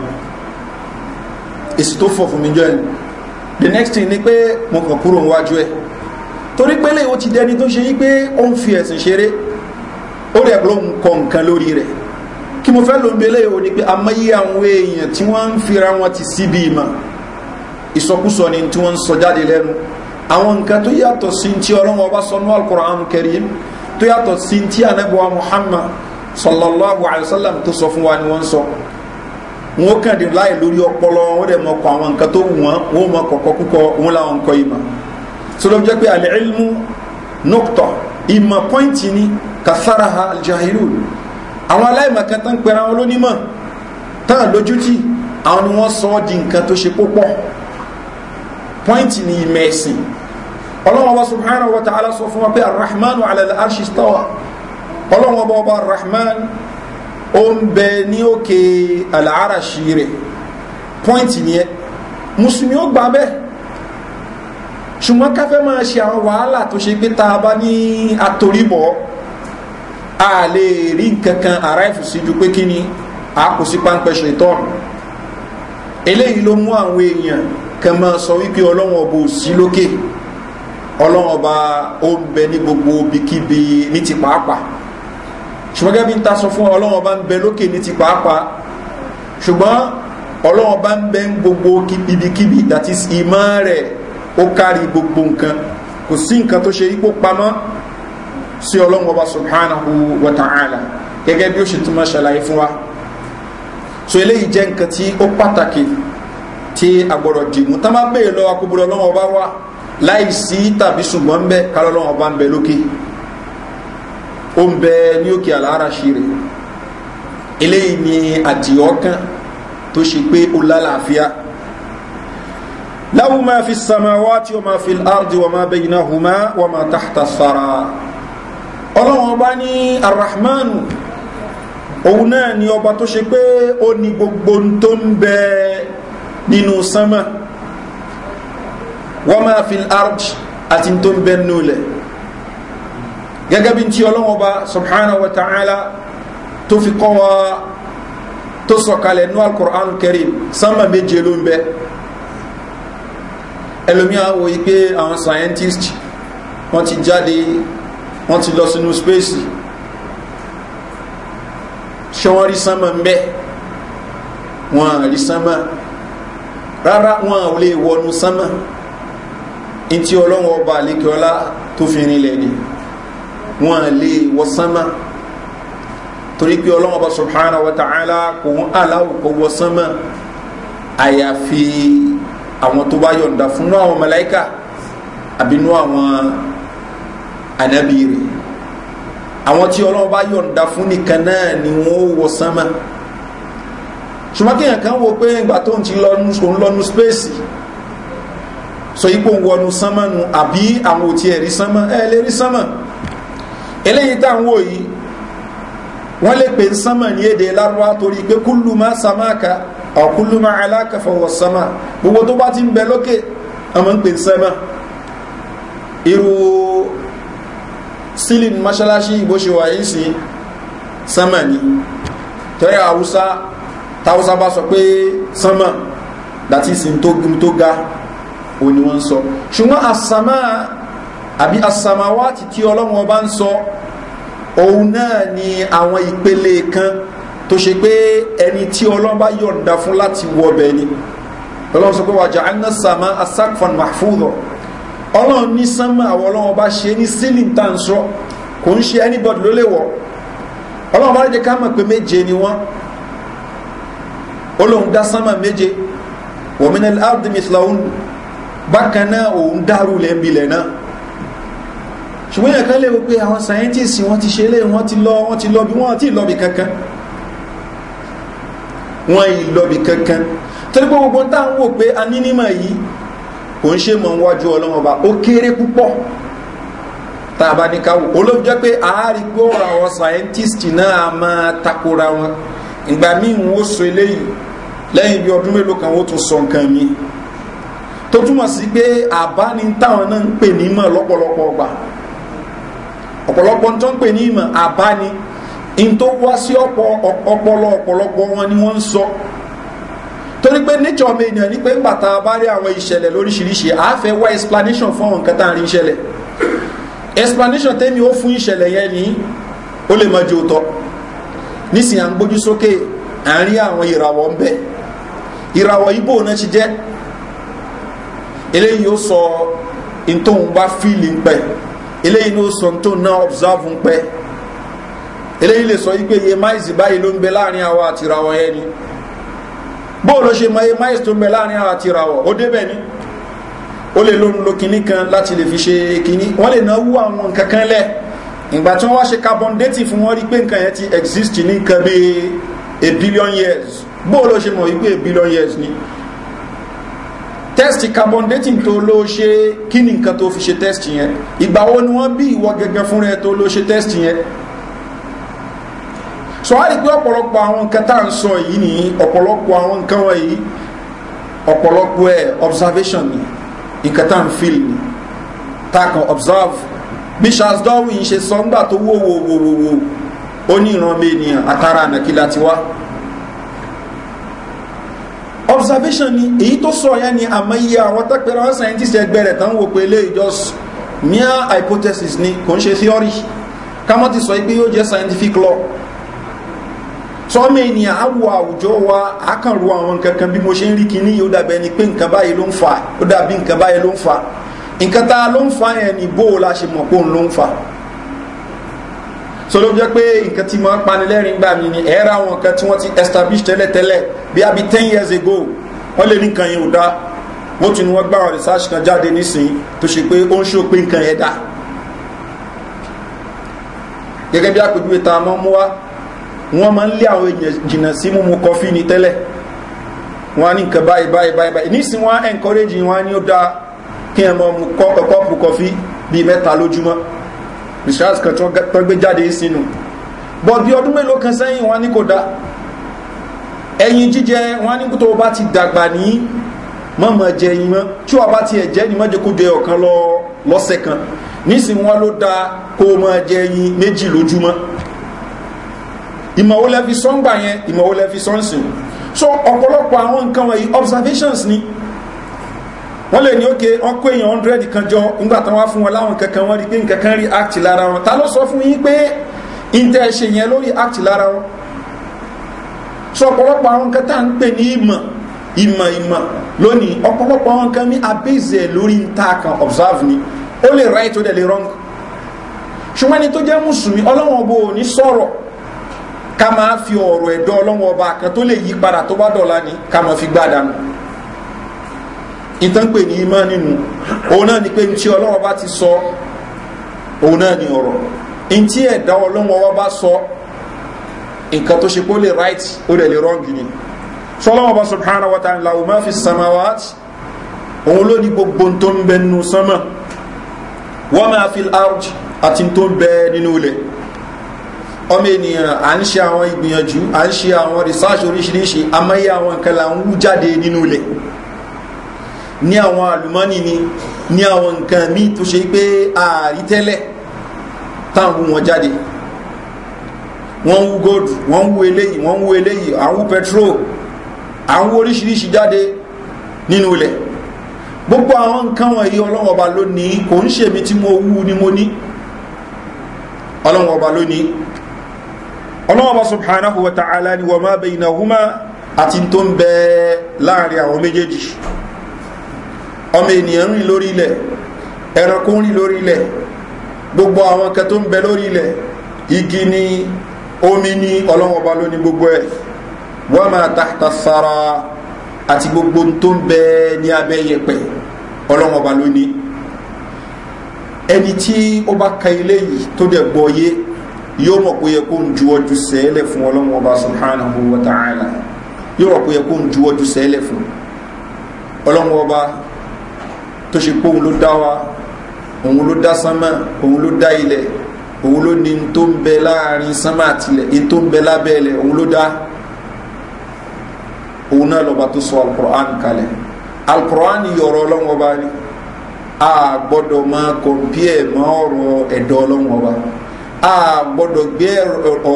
èsì tó fọ̀ fún mi jọ ẹ̀ the next thing ni pé mo kàn kúrò níwájú ẹ̀ torí pé lè ó ti dẹni tó ṣe yí pé ó ń fi ẹ̀sìn ṣeré ó rẹ̀ ló ń kọ nǹkan lórí rẹ̀ kí mo fẹ́ ló ń belé o ni pé amáyé àwọn èèyàn tí wọ́n ń fira wọn ti síbi ìmọ̀ ìsọkúsọ ni tí wọ́n ń sọ jáde lẹ́nu àwọn nǹkan tó yàtọ̀ sí ti ọlọ́wọ́ bá sọ ní alukoran kẹrin tó yàtọ̀ sí tí anábọ̀wá muhammad sallallahu alayhi wa sallam tó sọ fún wa ni wọ́n sọ wọn kàn dé láì lórí ọpọlọ wọn dẹ̀ mọ kọ àwọn nǹkan tó wù wọn wọn mọ kọ̀kọ́ kúkọ wọn làwọn nǹkan ìmọ̀ sọlọ́m jẹ́ pé àlẹ́ ilmu nọ́kítọ̀ ìmọ̀ pọ́ìntì ni kàfàrà ha aljahilu àwọn aláìmọ̀ kan tán pẹ̀rẹ̀ àwọn olónímọ̀ tán lójútì àwọn ni wọ́n sọ ọ́ di nǹkan tó ṣe púpọ̀ pọ́ìntì ni ìmẹ̀ ẹ̀sìn ọlọ́wọ́n ọba subhanahu wa ta'ala sọ fún wa pé arrahman ala al-arshi istawa ọlọ́wọ́n ọba ọba arrahman ó ń bẹ ní òkè al-arashi rẹ̀ pọ́ìntì nìyẹn mùsùlùmí ó gbà bẹ́ẹ̀ ṣùgbọ́n káfẹ́ máa ṣe àwọn wàhálà tó ṣe pé tá a bá ní atoríbọ̀ a lè rí nǹkan ara ìfòsí ju pé kí ni a kò sí páńpẹ́ ṣètọ́nù eléyìí ló mú àwọn èèyàn kan máa sọ wípé ọlọ́wọ́n ọba ò sí lókè ọlọ́run ọba ó ń bẹ ní gbogbo ibikíbi ní ti pàápàá ṣùgbọ́n gẹ́gẹ́ bí n ta sọ fún ọlọ́run ọba ń bẹ lókè ní ti pàápàá ṣùgbọ́n ọlọ́run ọba ń bẹ ń gbogbo ibikíbi that is ìmọ̀ rẹ̀ ó kárí gbogbo nǹkan kò sí nǹkan tó ṣe ipò pamọ́ sí ọlọ́run ọba subhanahu wa ta'ala gẹ́gẹ́ bí ó ṣe túnmọ̀ ṣàlàyé fún wa so eléyìí jẹ́ nǹkan tí ó pàtàkì tí agbọ̀rọ̀ dìmú tá má bèèrè lọ́wọ́ akóbúrò ọlọ́run ọba wa láì sí tàbí ṣùgbọ́n ń bẹ kálọ́lọ́wọ́ bá ń bẹ lókè ó ń bẹ ní òkè àlàárà ṣe rẹ̀ eléyìí ni àdìọ́kàn tó ṣe pé ó lálàáfíà láwù máa fi sàmáwá tí ó máa fi áàdì wọ́n máa bẹ iná hùmá wọ́n máa tàhtà sára ọlọ́wọ́n bá ní arahman òun náà ni ọba tó ṣe pé ó ní gbogbo tó ń bẹ nínú sánmà wọ́n máa fi arj àti tó ń bẹ́ẹ̀ nulẹ̀ gẹ́gẹ́ bí tí ọlọ́wọ́n bá subhanahu wa ta'ala tó fi kọ́ wa tó sọ̀kalẹ̀ nú alukur'an karim sánmà méje ló ń bẹ ẹlòmíà wò yí pé àwọn scientist wọ́n ti jáde wọ́n ti lọ sínú space ṣé wọ́n rí sánmà ń bẹ wọ́n rí sánmà rárá wọ́n ò lè wọnú sánmà ntí ọlọ́wọ́ ọba àlékèọ́lá tó fi rinlẹ̀ ni wọ́n lè wọ sánmà torí pé ọlọ́wọ́ ọba subhanahu wa ta'ala kò ń aláwọ̀ kò wọ sánmà àyàfi àwọn tó bá yọ̀ǹda fún àwọn màláíkà àbínú àwọn ànábì rẹ̀ àwọn tí ọlọ́wọ́ bá yọ̀ǹda fún nìkan náà ni wọ́n wọ sánmà ṣùgbọ́n kéèyàn kan wo pé ìgbà tó ń ti lọ́nu space sọ ipò wọnú sánmọ́ nu àbí àwọn òtí ẹ̀rí sánmọ́ ẹ lè rí sánmọ́ eléyìí tá à ń wò yìí wọ́n lè pè sánmọ́ ní èdè lárúbá torí pé kúlù má samáka ọ̀kúlù má alákàfọ̀ wọ̀ sánmọ́ gbogbo tó bá ti ń bẹ lókè ọmọ ń pè sánmọ́ irú sílìn mọ́ṣáláṣí ìbò ṣe wà yìí sí sánmọ́ ni tẹ́rẹ̀ haúsá táwùsá bá sọ pé sánmọ́ dàtí sí tó ga o ni wọ́n sọ ṣùgbọ́n àsàmà àbí àsàmàwátì tí ọlọ́run ọba ń sọ òun náà ni àwọn ìpele kan tó ṣe pé ẹni tí ọlọ́run bá yọ̀ǹda fún láti wọbẹ̀ ni ọlọ́run sọ pé wàjà anna sàmà asakfan mahfudọ ọlọ́run ní sánmà àwọn ọlọ́run ọba ṣe ní ceiling tá sọ kò ń ṣe anybody ló lè wọ̀ ọlọ́run bá lè ká mọ̀ pé méje ni wọ́n ó lóun dá sánmà méje wọ̀mínà áàdì mìtìláhùn bákan náà òun dárú lẹ́mbilẹ̀ náà ṣùgbọ́n yẹn lè wọ́n pé àwọn scientists wọ́n ti ṣe lé wọ́n ti lọ wọ́n ti lọ bí wọ́n ti lọ bí kankan wọ́n yìí lọ bí kankan torí pé gbogbo tá à ń wò pé a ní nímọ̀ yìí kò ń ṣe mọ̀ níwájú ọlọ́run ọba ó kéré púpọ̀ tá a bá ní ká olóòfin jẹ́ pé àárí pé ọ̀rọ̀ àwọn scientists náà a máa takora wọn ìgbà míì wọ́n so eléyìí lẹ́yìn bí ọdún mélòó kan wọ́n tún sọ nǹkan mìíràn tó túmọ̀ sí pé àbáni táwọn náà ń pè ní ìmọ̀ lọ́pọ̀lọpọ̀ ọgbà ọ̀pọ̀lọpọ̀ tó ń pè ní ìmọ̀ àbáni in tó wá sí ọpọlọ ọ̀pọ̀lọpọ̀ wọn ni wọ́n ń sọ torí pé nature ọmọ ènìyàn ní pé ń bàtà bá rí àwọn ìṣẹ̀lẹ̀ lóríṣiríṣi àáfẹ́ wá explanation fún àwọn nǹkan tá à ń rí ìṣẹ̀lẹ̀ explanation tẹ́mi ó fún ìṣẹ̀lẹ̀ yẹn ní ó lè mọ ju òótọ́ nísìnyí à ń gbójú sókè à ń rí àwọn ìràwọ̀ ń bẹ ìràwọ̀ ibo náà ti jẹ́ eléyìí ó sọ ntòun bá fíìlì ń pẹ eléyìí ló sọ ntòun náà observe ń pẹ eléyìí lè sọ yìí pé iye máìsì báyìí ló ń bẹ láàrin àwọn àtìràwọ̀ yẹn ni bóò ló ṣe mọ iye máìsì tó ń bẹ láàrin àwọn àtìràwọ̀ ó débẹ̀ ni ó lè ló ń lo kinní kan láti lè fi ṣe kinní wọ́n lè náwó àwọn nǹkan kan lẹ̀ ìgbà tí wọ́n wá ṣe carbon dating fún wọn rí pé nǹkan yẹn ti exist ní nǹkan bíi a billion years bóò ṣe mọ̀ wípé a billion years ni tẹ́sì carbon dating tó ló ṣe kí ni nǹkan tó fi ṣe tẹ́sì yẹn ìgbà wo ni wọ́n bí ìwọ gẹ́gẹ́ fún rẹ tó ló ṣe tẹ́sì yẹn sọ wá rí pé ọ̀pọ̀lọpọ̀ àwọn nǹkan tá à ń sọ yìí ni ọ̀pọ̀lọpọ̀ àwọn nǹkan wọ̀nyí ọ̀pọ̀lọpọ̀ ẹ̀ observation ni nǹkan tá à ń feel ni tá a kan observe bí charles darwin ṣe sọ ńgbà tó wò wò wò wò ó ní ìran bẹ́ẹ̀ ni àtàrà ànàkí láti wá observation ni èyí tó sọ yẹn ni àmọ́ iye àwọn tẹ́pẹ̀rẹ̀ wọn scientist ẹgbẹ́ rẹ̀ tán wò pé ilé ìjọs mere hypothesis ni kò ń ṣe theory kámọ́ ti sọ pé yóò jẹ́ scientific law sọ́mọ ènìyàn awọ àwùjọ wa àkànrò àwọn kankan bí mo ṣe ń rí kinní yóò dàbẹ̀ ni pé nǹkan báyìí ló ń fa ó dàbí nǹkan báyìí ló ń fa nǹkan tá a ló ń fa yẹn ni bó o la ṣe mọ̀ pé òun ló ń fa so ló jẹ́ pé nǹkan tí mo pa ni lẹ́rìn gbà mí ni ẹ̀ẹ́ra àwọn nǹkan tí wọ́n ti establish tẹ́lẹ̀tẹ́lẹ̀ bí abi ten years ago wọ́n lè ní nǹkan yẹn ò dá wọ́n tún ní wọ́n gbà àwọn research kan jáde nísìnyí tó ṣe pé ó ń ṣó pé nǹkan yẹn dá gẹ́gẹ́ bí àpèjúwe tá a mọ́ mú wá wọ́n máa ń lé àwọn èèyàn jìnnà sí mímu kọfí ni tẹ́lẹ̀ wọ́n á ní nǹkan báyìí báyìí báyìí báyìí nísìnyí wọ́n á encourage wọ́n á ní ó dáa kí ẹ̀ mọ́ mu kọ́ọ̀pù kọfí bíi mẹ́ta lójúmọ́ research kan tó gbé jáde sínú bọ́n bí ọdún mélòó kan sẹ́yìn wọn ní kò dá ẹyin jíjẹ wọn ní tó bá ti dàgbà ní mọ̀mọ̀ jẹ yín mọ́ tí wọ́n bá tiẹ̀ jẹ́ ní mọ́jẹ́kújẹ ọ̀kan lọ lọ́sẹ̀ kan nísìnyí wọn ló da kó o jẹ yín méjì lójúmọ́ ìmọ̀wó lẹ́fi sọ́ngbà yẹn ìmọ̀wó lẹ́fi sọ́nsìn so ọ̀pọ̀lọpọ̀ àwọn nǹkan wọ̀nyí observations ni wọ́n lè ní òkè wọ́n kó èèyàn hundred kan jọ nígbà tán wá fún wọn láwọn kankan wọ́n rí pé nǹkan kan rí act lára wọn ta ló sọ fún yín pé ìtẹ̀ ṣe yẹn lórí act lára wọn sọ ọ̀pọ̀lọpọ̀ àwọn nǹkan tá à ń pè ní ìmọ̀ ìmọ̀ ìmọ̀ lónìí ọ̀pọ̀lọpọ̀ àwọn nǹkan ní abézẹ̀ lórí ta kan observe ni ó lè right ó dẹ̀ lè wrong ṣùgbọ́n ẹni tó jẹ́ mùsùlùmí ọlọ́wọ́n bò ní sọ̀rọ̀ ká máa fi ọ̀rọ̀ ẹ̀dọ́ ọlọ́wọ́n ọba kan tó lè yí padà tó bá dọ̀la ni ká máa fi gbá dànù ìtànpè ní imá nínú òun náà ni pé ní tí ọlọ́wọ́ bá ti sọ òun náà ni ọ̀rọ̀ ní tí ẹ̀dá ọlọ́wọ́ bá sọ nǹkan tó ṣe pé ó lè right ó lè lè wrong ni sọlọ́wọ́ bá subhanahu wa ta'ala lahu ma fi samawat òun ló ní gbogbo tó ń bẹ nínú sánmà wọ́n máa fi arj àti tó ń bẹ nínú ilẹ̀ ọmọ ènìyàn à ń ṣe àwọn ìgbìyànjú à ń ṣe àwọn research oríṣiríṣi àmọ́ àwọn nǹkan là ń wú jáde nínú ilẹ̀ ní àwọn àlùmọ́nì ni ní àwọn nǹkan míì tó ṣe pé ààrí tẹ́lẹ̀ táwọn wọn jáde wọ́n wú góòdù wọ́n wú eléyìí wọ́n wú eléyìí àwọn petrol àwọn oríṣiríṣi jáde nínú ilẹ̀ gbogbo àwọn nǹkan wọ̀nyí ọlọ́wọ̀n ọba ló ní kò ń ṣèmi tí mo wú ni mo ní ọlọ́wọ̀n ọba ló ní ọlọ́wọ̀n ọba subhanahu wa ta'ala ni wọ́n má bẹ̀yìn náà wúmá àti tó ń bẹ láàrin àwọn méjèèjì ọmọ ènìyàn rìn lórí ilẹ̀ ẹranko rìn lórí ilẹ̀ gbogbo àwọn kan tó ń bẹ lórí ilẹ̀ igi ni omi ni ọlọ́wọ́n ọba lóní gbogbo ẹ̀ wọ́n máa tàkìtà sára àti gbogbo tó ń bẹ ní abẹ́ yẹpẹ̀ ọlọ́wọ́n ọba lóní ẹni tí ó bá ka ilé yìí tó dẹ̀ gbọ́ yé yóò mọ̀ pé yẹ kó ń ju ọjọ́ sẹ́lẹ̀ fún ọlọ́wọ́n ọba subhanahu wa ta'ala yóò mọ̀ pé yẹ kó ń ju ọjọ́ sẹ́lẹ̀ fún ọlọ́wọ́n ọba tó ṣe pé òun ló dá wa òun ló dá sánmà òun ló dá ilẹ̀ òun ló ní tó ń bẹ láàrin sánmà àtìlẹ̀ ní tó ń bẹ lábẹ́ ilẹ̀ òun ló dá òun náà lọ́ba tó sọ alukur'an kalẹ̀ alukur'an yọ̀rọ̀ ọlọ́wọ́ bá ní a gbọ́dọ̀ máa kọ̀m̀pìẹ̀ mọ́ ọ̀rọ̀ ẹ̀dọ́ ọlọ́wọ́ bá a gbọ́dọ̀ gbé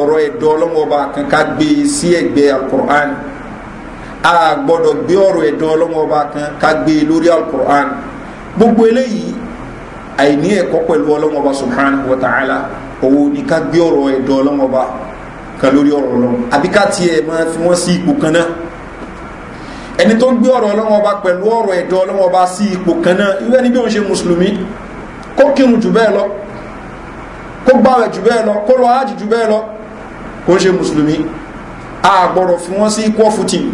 ọ̀rọ̀ ẹ̀dọ́ ọlọ́wọ́ bá kankan gbé sí ẹ̀gbẹ́ alukur'an a gbọ́dọ̀ gbé ọ̀rọ̀ ẹ̀dọ́ ọlọ́wọ́ bá kankan gbé lórí alukur'an gbogbo eléyìí àìní ẹ̀kọ́ pẹ̀lú ọlọ́mọba subhanahu wa ta'ala owó ní ká gbé ọ̀rọ̀ ẹ̀dọ́ ọlọ́mọba kan lórí ọ̀rọ̀ ọlọ́mọ àbí ká tiẹ̀ máa fi wọ́n sí ipò kan náà ẹni tó ń gbé ọ̀rọ̀ ọlọ́mọba pẹ̀lú ọ̀rọ̀ ẹ̀dọ́ ọlọ́mọba sí ipò kan náà irú ẹni bí wọ́n ṣe mùsùlùmí kó kírun jù bẹ́ẹ̀ lọ kó gbáwẹ̀ jù bẹ́ẹ̀ lọ kó lọ ájì jù bẹ́ẹ̀ lọ kó ṣe mùsùlùmí a fi wọ́n sí equal footing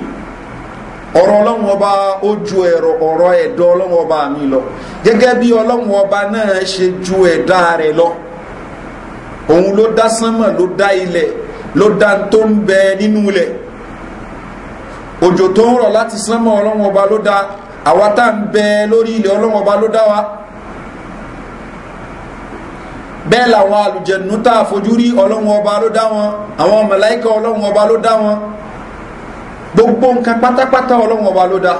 ọ̀rọ̀ ọlọ́run ọba ó ju ẹ̀rọ ọ̀rọ̀ ẹ̀dọ́ ọlọ́run ọba mi lọ gẹ́gẹ́ bí ọlọ́run ọba náà ṣe ju ẹ̀dá rẹ̀ lọ òun ló dá sánmọ̀ ló dá ilẹ̀ ló dá tó ń bẹ nínú ilẹ̀ òjò tó ń rọ̀ láti sánmọ̀ ọlọ́run ọba ló dá àwa tá ń bẹ lórí ilẹ̀ ọlọ́run ọba ló dá wa bẹ́ẹ̀ làwọn àlùjẹ̀nù tá a fojú rí ọlọ́run ọba ló dá wọn àwọn màláíkà ọlọ́run ọba ló dá wọn gbogbo nǹkan pátápátá ọlọ́run ọba ló dá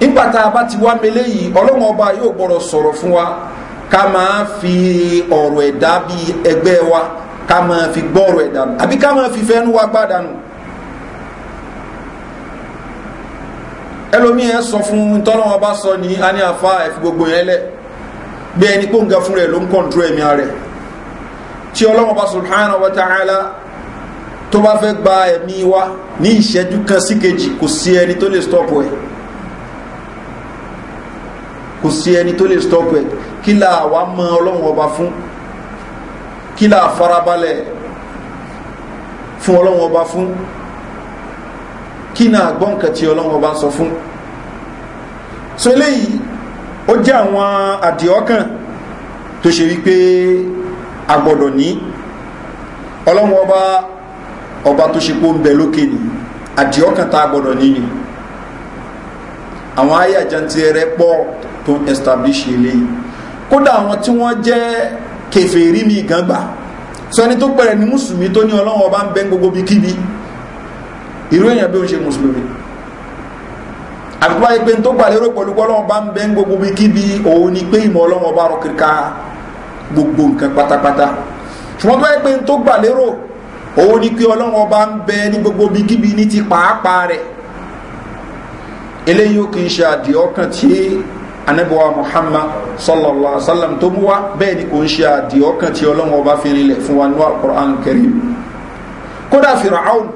nígbàtà bá ti wá mele yi ọlọ́run ọba yóò gbọ́dọ̀ sọ̀rọ̀ fún wa ká máa fi ọ̀rọ̀ ẹ̀dá bi ẹgbẹ́ wa ká máa fi gbọ́rọ̀ ẹ̀dá àbí ká máa fi fẹ́nu wa gbádànù ẹlòmíì ẹ sọ fún ọba sọ ní a afa àfa gbogbo yẹn lẹ̀ bí ẹni pòǹga fún rẹ̀ ló ń ẹ̀mí tí ọba tó bá fẹ́ gba ẹ̀mí wa ní ìṣẹ́jú kan sí kejì kò sí ẹni tó lè stop ẹ̀ kò sí ẹni tó lè stop ẹ̀ kí la wá mọ ọlọ́run ọba fún kí la farabalẹ̀ fún ọlọ́run ọba fún kí náà gbọ́n nǹkan ọlọ́run ọba sọ fún so eléyìí ó jẹ́ àwọn àdìọ́kàn tó ṣe wípé a ní ọlọ́run ọba ọba tó ṣe pó ń bẹ lókè ni àdìọ́kàn tá a gbọ́dọ̀ níyì àwọn ayé àjàntì rẹ pọ̀ tó ń establish eléyìí kódà àwọn tí wọ́n jẹ́ kẹfẹ́rí mi gan gbà sọ ẹni tó pẹ̀rẹ̀ ní mùsùlùmí tó ní ọlọ́run ọba ń bẹ gbogbo bí kíbi irú èèyàn bí ó ń ṣe mùsùlùmí àbíkú báyìí pé n tó gbà lérò pẹ̀lú ọlọ́run bá ń bẹ gbogbo bí kíbi òun ni pé ìmọ̀ ọlọ́run ọba rọ kíríka gbogbo nǹkan pátápátá ṣùgbọ́n tó báyìí pé n tó gbà òun ni pé ọlọ́run ọba ń bẹ ní gbogbo bíkíbi ní ti pàápàá rẹ̀ eléyìí ó kì í ṣe àdì ọkàn tí anabiwa muhammad sallallahu alaihi wa sallam tó mú wa bẹ́ẹ̀ ni kò ń ṣe àdì ọkàn tí ọlọ́run ọba fi rinlẹ̀ fún wa ní alukur'an kẹrin kódà fìràáhùn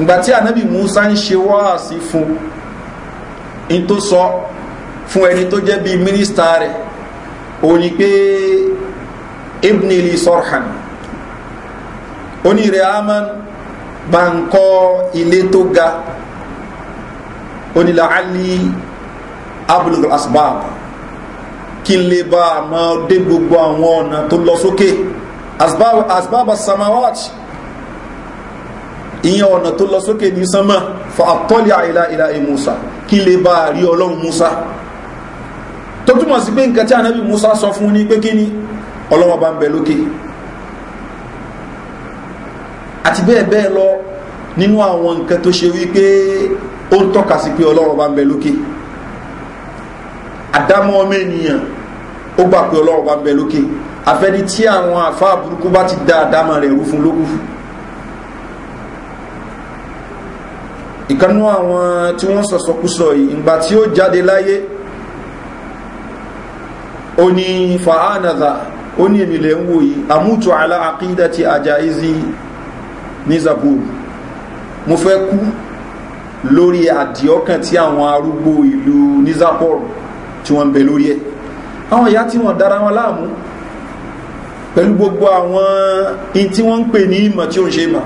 ìgbà tí anabi musa ń ṣe wáàsí fún in tó sọ fún ẹni tó jẹ́ bíi mínísítà rẹ̀ òun ni pé ibn ili sorhan Oni aman bá ń kọ́ ilé tó ga onílà alì abúlùkù asbab kí n lè bá gbogbo àwọn ọ̀nà tó lọ sókè asbab asbab samawat ìyẹn ọ̀nà tó lọ sókè ní sánmà fa àtọ́lẹ̀ àìlà ìlà ìmùsà kí lè bá a musa tó túmọ̀ sí pé nǹkan tí anábì musa sọ fún ní pé kí ni ọlọ́wọ́ bá ń bẹ àti bẹ́ẹ̀ bẹ́ẹ̀ lọ nínú àwọn nǹkan tó ṣe wípé ó ń tọ́ka sí pé ọlọ́run bá ń bẹ lókè àdámọ́ ọmọ ènìyàn ó gbà pé ọlọ́run bá ń bẹ lókè àfẹ́ni tí àwọn àfáà burúkú bá ti dá àdámọ́ rẹ̀ rú fún lókù ìkanú àwọn tí wọ́n sọ̀sọ̀kúsọ yìí ìgbà tí ó jáde láyé ó ní fa'ánàdà ó ní èmìlẹ̀ ń wò yìí àmútu àlá àkídà ti àjà ìzí ní zabul mo fẹ́ kú lórí àdìọ́kàn tí àwọn arúgbó ìlú ní zapor tí wọ́n ń bẹ lórí ẹ̀ àwọn ìyá tí wọ́n dára wọn láàmú pẹ̀lú gbogbo àwọn in tí wọ́n ń pè ní ìmọ̀ tí ó ń ṣe mà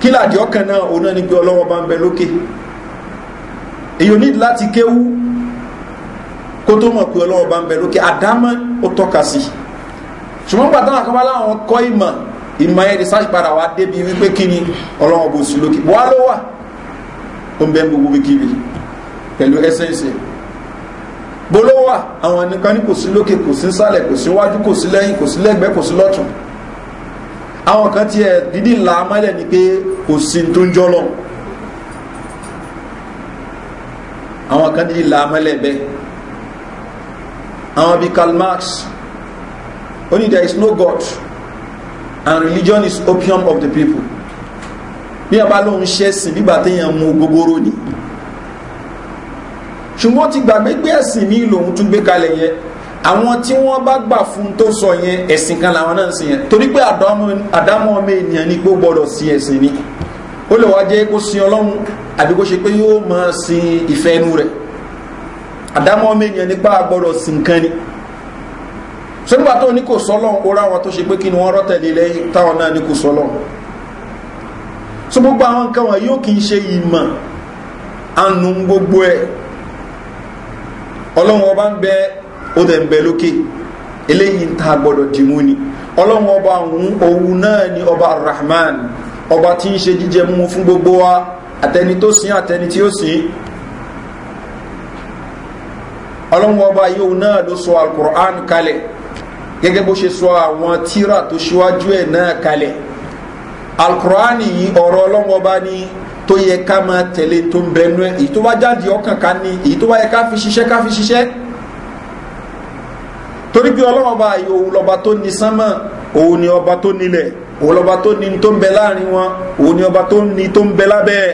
kí làdìọ́kàn náà òun náà ni pé ọlọ́wọ́ bá ń bẹ lókè èyí ní láti kéwú kó tó mọ̀ pé ọlọ́wọ́ bá ń bẹ lókè àdámọ́ ó tọ́ka sí i ṣùgbọ́n gbàtà àkọ́bá láwọn kọ́ ìmọ̀ ìmọ̀ ẹ̀ research padà wá débi wípé kí ni ọlọ́wọ́ bó sí lókè wá ló wà ó ń bẹ́ gbogbo wíkiri pẹ̀lú ẹsẹ̀nsì bóló wà àwọn ẹnìkan ní kò sí lókè kò sí sálẹ̀ kò sí wájú kò sí lẹ́yìn kò sí lẹ́gbẹ́ kò sí lọ́tún àwọn kan tiẹ̀ dídì ńlá amálẹ̀ ni pé kò sí tó ń jọ́ lọ́wọ́ àwọn kan dídì ńlá amálẹ̀ bẹ́ẹ̀ àwọn bíi Karl Marx only there is no god and religion is opium of the people bí a bá lóun ṣẹ́sìn bígbà téèyàn mu gbogbooro ni ṣùgbọ́n ti gbàgbé pé ẹ̀sìn mi lòun tún gbé kalẹ̀ yẹn àwọn tí wọ́n bá gbà fún tó sọ yẹn ẹ̀sìn kan làwọn náà ń sìn yẹn torí pé àdámọ́ ọmọ ènìyàn ni pé ó gbọ́dọ̀ sí ẹ̀sìn ni ó lè wá jẹ́ kó sin ọlọ́run àbí kó ṣe pé yóò máa sin ìfẹ́ inú rẹ̀ àdámọ́ ọmọ ènìyàn nípa gbọ́dọ̀ sìn kan ni sọ́nùgbà tó ní kò sọ́lọ́n ó ráwọn tó ṣe pé kí ni wọ́n rọ́tẹ̀lé lẹ́yìn táwọn náà ní kò sọ́lọ́n so gbogbo àwọn nǹkan wọn yóò kí ń ṣe ìmọ̀ ànú gbogbo ẹ̀ ọlọ́run ọba ń bẹ ó ń bẹ lókè eléyìí ń ta gbọ́dọ̀ dìmú ni ọlọ́run ọba òun òun náà ni ọba rahman ọba tí ń ṣe jíjẹ mú fún gbogbo wa àtẹni tó sin àtẹni tí ó sin ọlọ́run ọba yóò náà ló sọ alukur'an kalẹ̀ gẹ́gẹ́ bó ṣe sọ àwọn tíra tó ṣíwájú ẹ̀ náà kalẹ̀ alukurani yìí ọ̀rọ̀ ọlọ́wọ́ bá ní tó yẹ ká máa tẹ̀lé tó ń bẹnu ẹ̀ èyí tó bá jáde ọkàn ká ní èyí tó bá yẹ ká fi ṣiṣẹ́ ká fi ṣiṣẹ́ torí bí ọlọ́wọ́ bá yìí òun lọ́ba tó ní sánmọ̀ òun ni ọba tó nílẹ̀ òun lọ́ba tó ní tó ń bẹ láàrin wọn òun ni ọba tó ní tó ń bẹ lábẹ́ ẹ̀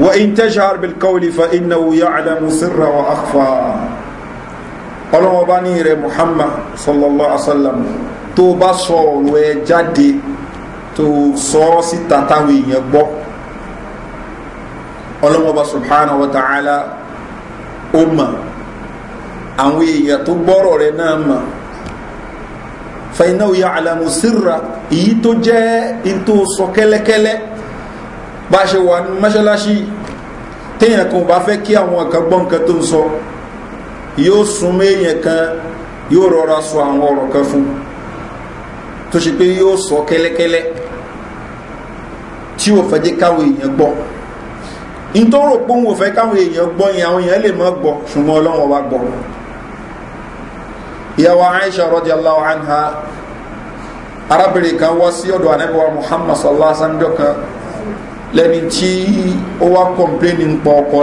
wọ́n in tẹ́ṣà arbilkawli fa ináwó yá àdàmú sírra wa akfa ọlọ́wọ́n bá ní rẹ̀ muhammad sallallahu alaihi wasallam tó bá sọ ọ̀rọ̀ ẹ jáde tó sọ ọ́ síta táwọn èèyàn gbọ́ ọlọ́wọ́n subhanahu wa ta'ala ó mọ̀ àwọn èèyàn tó gbọ́rọ̀ rẹ̀ náà mọ̀ faináwó ya alamu sírra èyí tó jẹ́ ètò sọ kẹ́lẹ́kẹ́lẹ́ bá ṣe wà ní mọ́ṣáláṣí téèyàn kan bá fẹ́ kí àwọn kan tó ń sọ yóò súnmọ́ èèyàn kan yóò rọra sọ àwọn ọ̀rọ̀ kan fún tó ṣe pé yóò sọ kẹ́lẹ́kẹ́lẹ́ tí ò jẹ́ káwọn èèyàn gbọ́ nítorò pé òun ò káwọn èèyàn gbọ́ yẹn àwọn èèyàn lè má gbọ́ ṣùgbọ́n wa gbọ́ ìyàwó Aisha anha arábìnrin kan wá sí ọ̀dọ̀ anábíwá Muhammad sallallahu alaihi kan lẹ́ni tí ó wá ń ọkọ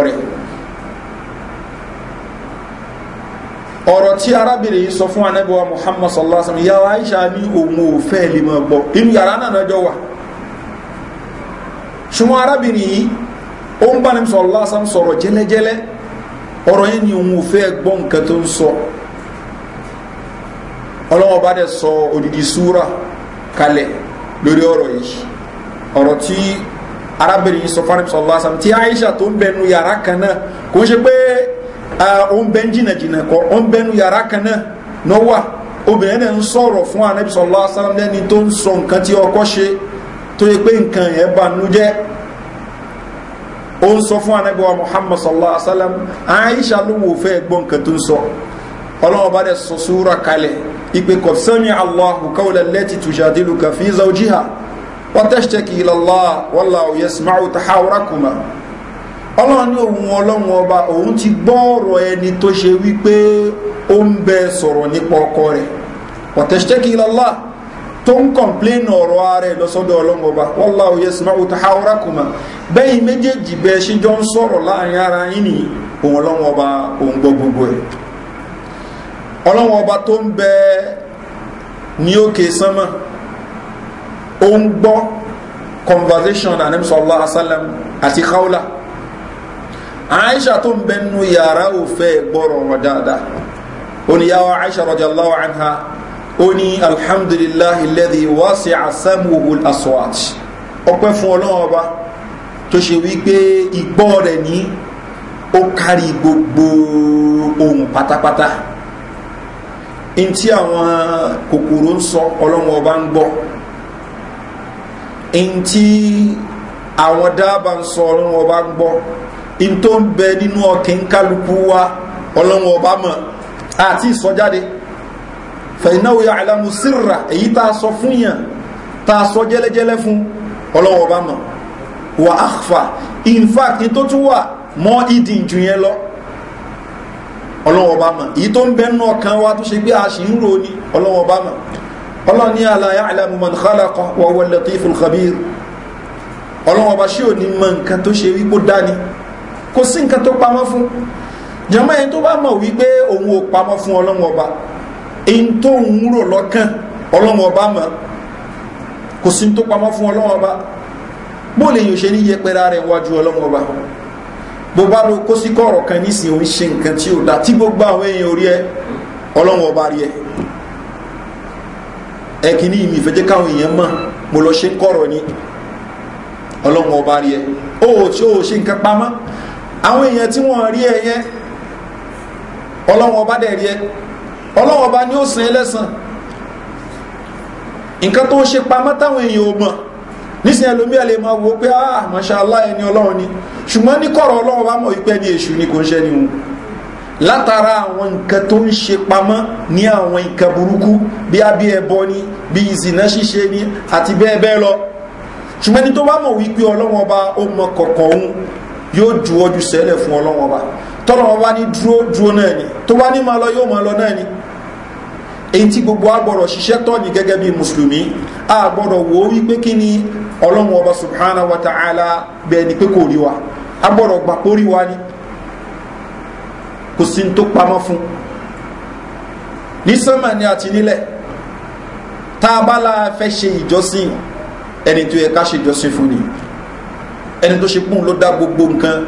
ọ̀rọ̀ tí arábìnrin yìí sọ fún anábíwá muhammad sallallahu alaihi wasallam yàwó aisha ní òun ò fẹ́ lè máa gbọ́ inú yàrá náà lọ́jọ́ wà ṣùgbọ́n arábìnrin yìí ó ń bá ní sallallahu alaihi wasallam sọ̀rọ̀ jẹ́lẹ́jẹ́lẹ́ ọ̀rọ̀ yẹn ni òun ò fẹ́ gbọ́ nǹkan tó ń sọ ọlọ́wọ́n bá dẹ̀ sọ odidi súra kalẹ̀ lórí ọ̀rọ̀ yìí ọ̀rọ̀ tí arábìnrin yìí sọ fún anábíwá sallallahu tí aisha tó ń bẹnu yàrá kan náà kò ń ṣe pé òun bẹ́ ń jìnà jìnà kọ́ òun bẹ́nu yàrá kan náà ló wà obìnrin náà ń sọ̀rọ̀ fún anabi sallallahu alaihi wasallam lẹ́ni tó ń sọ nǹkan tí ọkọ ṣe tó yẹ pé nǹkan yẹn bà nú jẹ́ ó ń sọ fún anabi muhammad sallallahu alaihi aisha ló wò fẹ́ gbọ́ nǹkan tó ń sọ ọlọ́wọ́ bá dẹ̀ sọ súra kalẹ̀ ìpè kọ̀ sami allahu qawla allati tujadiluka fi zawjiha wa tashtaki ila allah wallahu yasma'u tahawurakuma ọlọ́run ní ohun ọlọ́run ọba òun ti gbọ́ ọ̀rọ̀ ẹni tó ṣe wípé ó ń bẹ sọ̀rọ̀ nípa ọkọ rẹ̀ ọ̀tẹ̀ṣẹ́kì lọ́lá tó ń kọ̀m̀pléènì ọ̀rọ̀ ara ẹ̀ lọ́sọ́dọ̀ ọlọ́run ọba wọ́lá òye sinmi òtún haúrá kùmà bẹ́yìn méjèèjì bẹ́ẹ̀ ṣe jọ ń sọ̀rọ̀ láàrin ara yín ni ohun ọlọ́run ọba òun gbọ́ gbogbo ẹ̀ ọlọ́run ọba tó ń bẹ ní òkè sánmà ó ń gbọ́ conversation anamsọ́lá asálàm àti kaula aisha tó yara ofe nínú yàrá òfẹ́ gbọ́rọ̀ wọn dáadáa oníyàwó aisha radiyallahu anha oni ní alhamdulillahi alladhi wasi'a sam'uhu al-aswat ọpẹ́ fún ọlọ́wọ́n ọba tó ṣe wípé ìgbọ́ re ni o kari gbogbo ohun patapata inti awon kokoro nso ń sọ ọlọ́wọ́n ọba ń gbọ́ in tó ń bẹ nínú ọkàn kálukú wa ọlọ́run ọba mọ̀ àti ìsọjáde fẹ̀yìnáwó ya àlámù sírra èyí tá a sọ fún yàn tá a sọ jẹ́lẹ́jẹ́lẹ́ fún ọlọ́run ọba mọ̀ wà á fà in fact in tó tún wà mọ́ ìdí jù yẹn lọ ọlọ́run ọba mọ̀ èyí tó ń bẹ nínú ọkàn wa tó ṣe pé a ṣì ń ro ni ọlọ́run ọba mọ̀ ọlọ́run ní àlàyé àlámù mọ̀ nìkálà kan ọba ṣé ò ní mọ nǹkan tó ṣe wípó dání kò sí nǹkan tó pamọ́ fún jọmọ́ ẹni tó bá mọ̀ wípé òun ò pamọ́ fún ọlọ́run ọba èyí tó ń rò lọ́kàn ọlọ́run ọba mọ̀ kò sí tó pamọ́ fún ọlọ́run ọba bó lè yòó ṣe ní yẹpẹrẹ rẹ̀ wájú ọlọ́run ọba bó bá lo kó sí kọ̀ọ̀rọ̀ kan nísìnyí òun ṣe nǹkan tí ò dá tí gbogbo àwọn èèyàn orí ẹ ọlọ́run ọba rí ẹ ẹkìní mi ìfẹ́jẹ́ káwọn èèyàn mọ̀ mo lọ ṣe ń kọ̀rọ̀ ni ọlọ́run ọba rí ẹ ó ṣe nǹkan pamọ́ àwọn èèyàn tí wọ́n rí ẹyẹ ọlọ́wọ́n bá dẹ̀ rí ẹ ọlọ́wọ́n bá ní ó sin ẹlẹ́sàn nǹkan tó ń ṣe pamọ́ táwọn èèyàn ò mọ̀ nísìn ẹlòmí ẹ lè máa wo pé ah mọ̀ṣálá ẹni ọlọ́run ni ṣùgbọ́n ní kọ̀rọ̀ ọlọ́run bá mọ̀ wípé ní èṣù ni kò ń ṣe ni òun látara àwọn nǹkan tó ń ṣe pamọ́ ní àwọn nǹkan burúkú bí abí ẹbọ ni bí ìsìnà ṣíṣe ni àti bẹ́ẹ̀ bẹ́ẹ̀ lọ ṣùgbọ́n ní tó bá mọ̀ wípé ọlọ́run ọba ó mọ kọ̀ọ̀kan òun yóò ju ojú sẹ́lẹ̀ fún ọlọ́wọ́n ọba tọ́lọ́wọ́n bá ní dúró dúró náà ni tó bá ní máa lọ yóò máa lọ náà ni èyí tí gbogbo agbọ̀rọ̀ ṣiṣẹ́ tọ́ ni gẹ́gẹ́ bí mùsùlùmí agbọ̀rọ̀ wò ó wípé kí ni ọlọ́wọ́n ọba subhanahu wa ta'ala bẹ́ẹ̀ ni pé kò rí wa agbọ̀rọ̀ gbà kó rí wa ni kò sí tó pamọ́ fún ní sánmà ni àti nílẹ̀ tá a bá la fẹ́ ṣe ìjọsìn ẹni tó yẹ ká ṣe ìjọsìn fún nìyí ẹni tó ṣe pé òun ló dá gbogbo nǹkan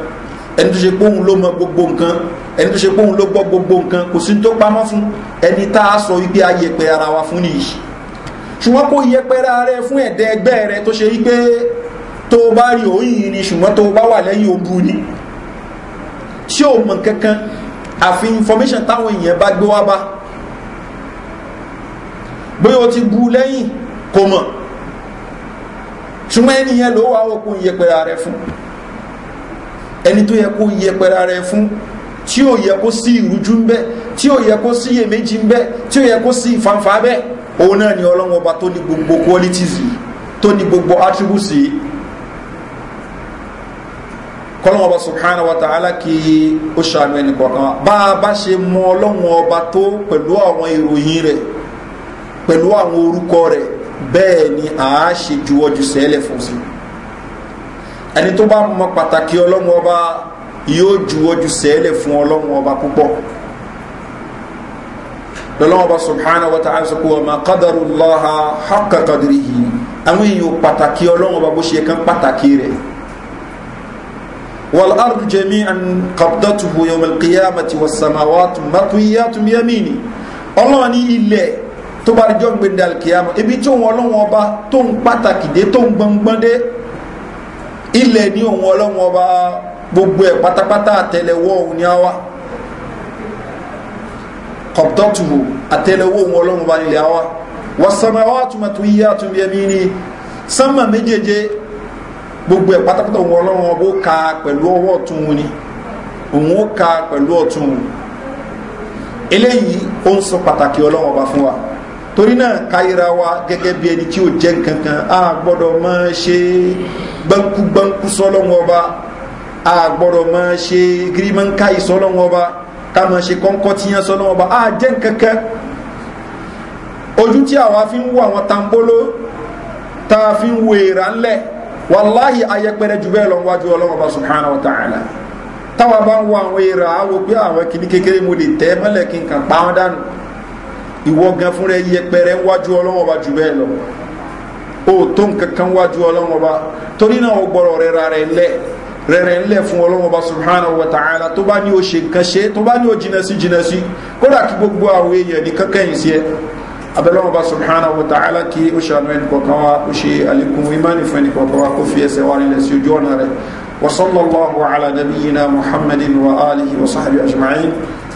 ẹni tó ṣe pé òun ló mọ gbogbo nǹkan ẹni tó ṣe pé òun ló gbọ́ gbogbo nǹkan kò sí tó pamọ́ fún ẹni tá a sọ wípé a ara wa fún nìyí ṣùgbọ́n kó yẹpẹ ara rẹ fún ẹ̀dẹ́ ẹgbẹ́ rẹ tó ṣe wípé tó o bá rí òyìn ni ṣùgbọ́n tó o bá wà lẹ́yìn obu ni ṣé o mọ̀ kankan àfi information táwọn èèyàn bá gbé wá bá bóyá o ti bu lẹ́yìn kò mọ̀ ṣùgbọ́n ẹni yẹn ló wá òkú yẹpẹra rẹ fún ẹni tó yẹ kó yẹpẹra rẹ fún tí ò yẹ kó sí ìrújú ń bẹ tí ò yẹ kó sí iyèméjì ń tí ò yẹ kó sí ìfanfà bẹ òun náà ni ọlọ́run ọba tó ní gbogbo qualities yìí tó ní gbogbo attributes yìí kọ́lọ́wọ́n ọba subhanahu wa ta'ala kí ó ṣàánú ẹnì kọ̀ọ̀kan bá a bá ṣe mọ ọlọ́run ọba tó pẹ̀lú àwọn ìròyìn rẹ̀ pẹ̀lú àwọn orúkọ rẹ̀ bẹ́ẹ̀ ni àá ṣe juwọ́jú sẹ́lẹ̀ fún sí ẹni tó bá mọ pàtàkì ọlọ́run ọba yóò juwọ́jú sẹ́lẹ̀ fún ọlọ́run ọba púpọ̀ lọ́lọ́run ọba subhanahu wa ta'ala sọ pé wọ́n máa kádàrú lọ́ha haka kadiri yìí àwọn èèyàn pàtàkì ọlọ́run ọba bó ṣe kán pàtàkì rẹ̀ wal ardu jami'an qabdatuhu yawm al-qiyamati was samawati matwiyatun bi yamini ọlọ́run ní ilẹ̀ tó bá rí jọ́ gbẹ̀dẹ̀ alkiyama ibi tí òun ọlọ́wọ́n ọba tó ń pàtàkì dé tó ń gbọ̀ngbọ̀n dé ilẹ̀ ní òun ọlọ́wọ́n ọba gbogbo ẹ̀ pátápátá àtẹlẹwọ́ òun ni a wá kọ̀pútọ́tù àtẹlẹwọ́ òun ọlọ́wọ́n ọba nílẹ̀ a wá wọ́sánmọ́wá àtúmọ̀tún yíyá àtúmọ̀yẹmí ni sánmà méjèèje gbogbo ẹ̀ pátápátá òun ọlọ́wọ́n ọba ó ka pẹ̀lú ọwọ́ ọ̀tún eléyìí ó ń sọ pàtàkì ọlọ́wọ́n ọba fún wa torina náà káyira wa gẹ́gẹ́ bí ẹni tí ó jẹ́ nkankan a gbọ́dọ̀ máa ṣe gbáǹkúgbáǹkú sọ́lọ́wọ́ ọba a gbọ́dọ̀ máa ṣe gírímọ́ǹkáì sọ́lọ́wọ́ ọba ká máa ṣe kọ́ńkọ́tìyàn sọ́lọ́wọ́ ọba a jẹ́ nkankan ojú tí àwa fi ń wo àwọn tambolo tá a fi ń wo èèrà ńlẹ̀ wàláhì ayẹpẹrẹ jù bẹ́ẹ̀ lọ wájú ọlọ́wọ́ ọba wa ta'ala táwa bá ń wo àwọn èèrà á wo pé àwọn kìnnì kékeré mo lè tẹ́ mọ́lẹ̀ kí n kàn pa dànù ìwọ gan fúnra yẹpẹrẹ wájú ọlọ́wọ́ bá jù bẹ́ẹ̀ lọ o tó nǹkan kan wájú ọlọ́wọ́ bá torí náà o gbọ́dọ̀ rẹ̀ ra rẹ̀ lẹ̀ rẹ̀rẹ̀ ńlẹ̀ fún ọlọ́wọ́ bá subhanahu wa ta'ala tó bá ní o ṣe nǹkan ṣe tó bá ní o jìnà sí jìnà sí kódà kí gbogbo àwọn èèyàn ní kankan sí ẹ abẹ́lọ́wọ́ bá subhanahu wa ta'ala kí ó ṣàánú ẹnì kọ̀ọ̀kan wa ó ṣe àlékún imani fún ẹnì kọ̀ọ̀kan wa kó fi ẹsẹ̀ wa nílẹ̀ sí ojú ọ̀nà rẹ̀ wa sallallahu ala nabiyyina muhammadin wa alihi wa sahbihi ajma'in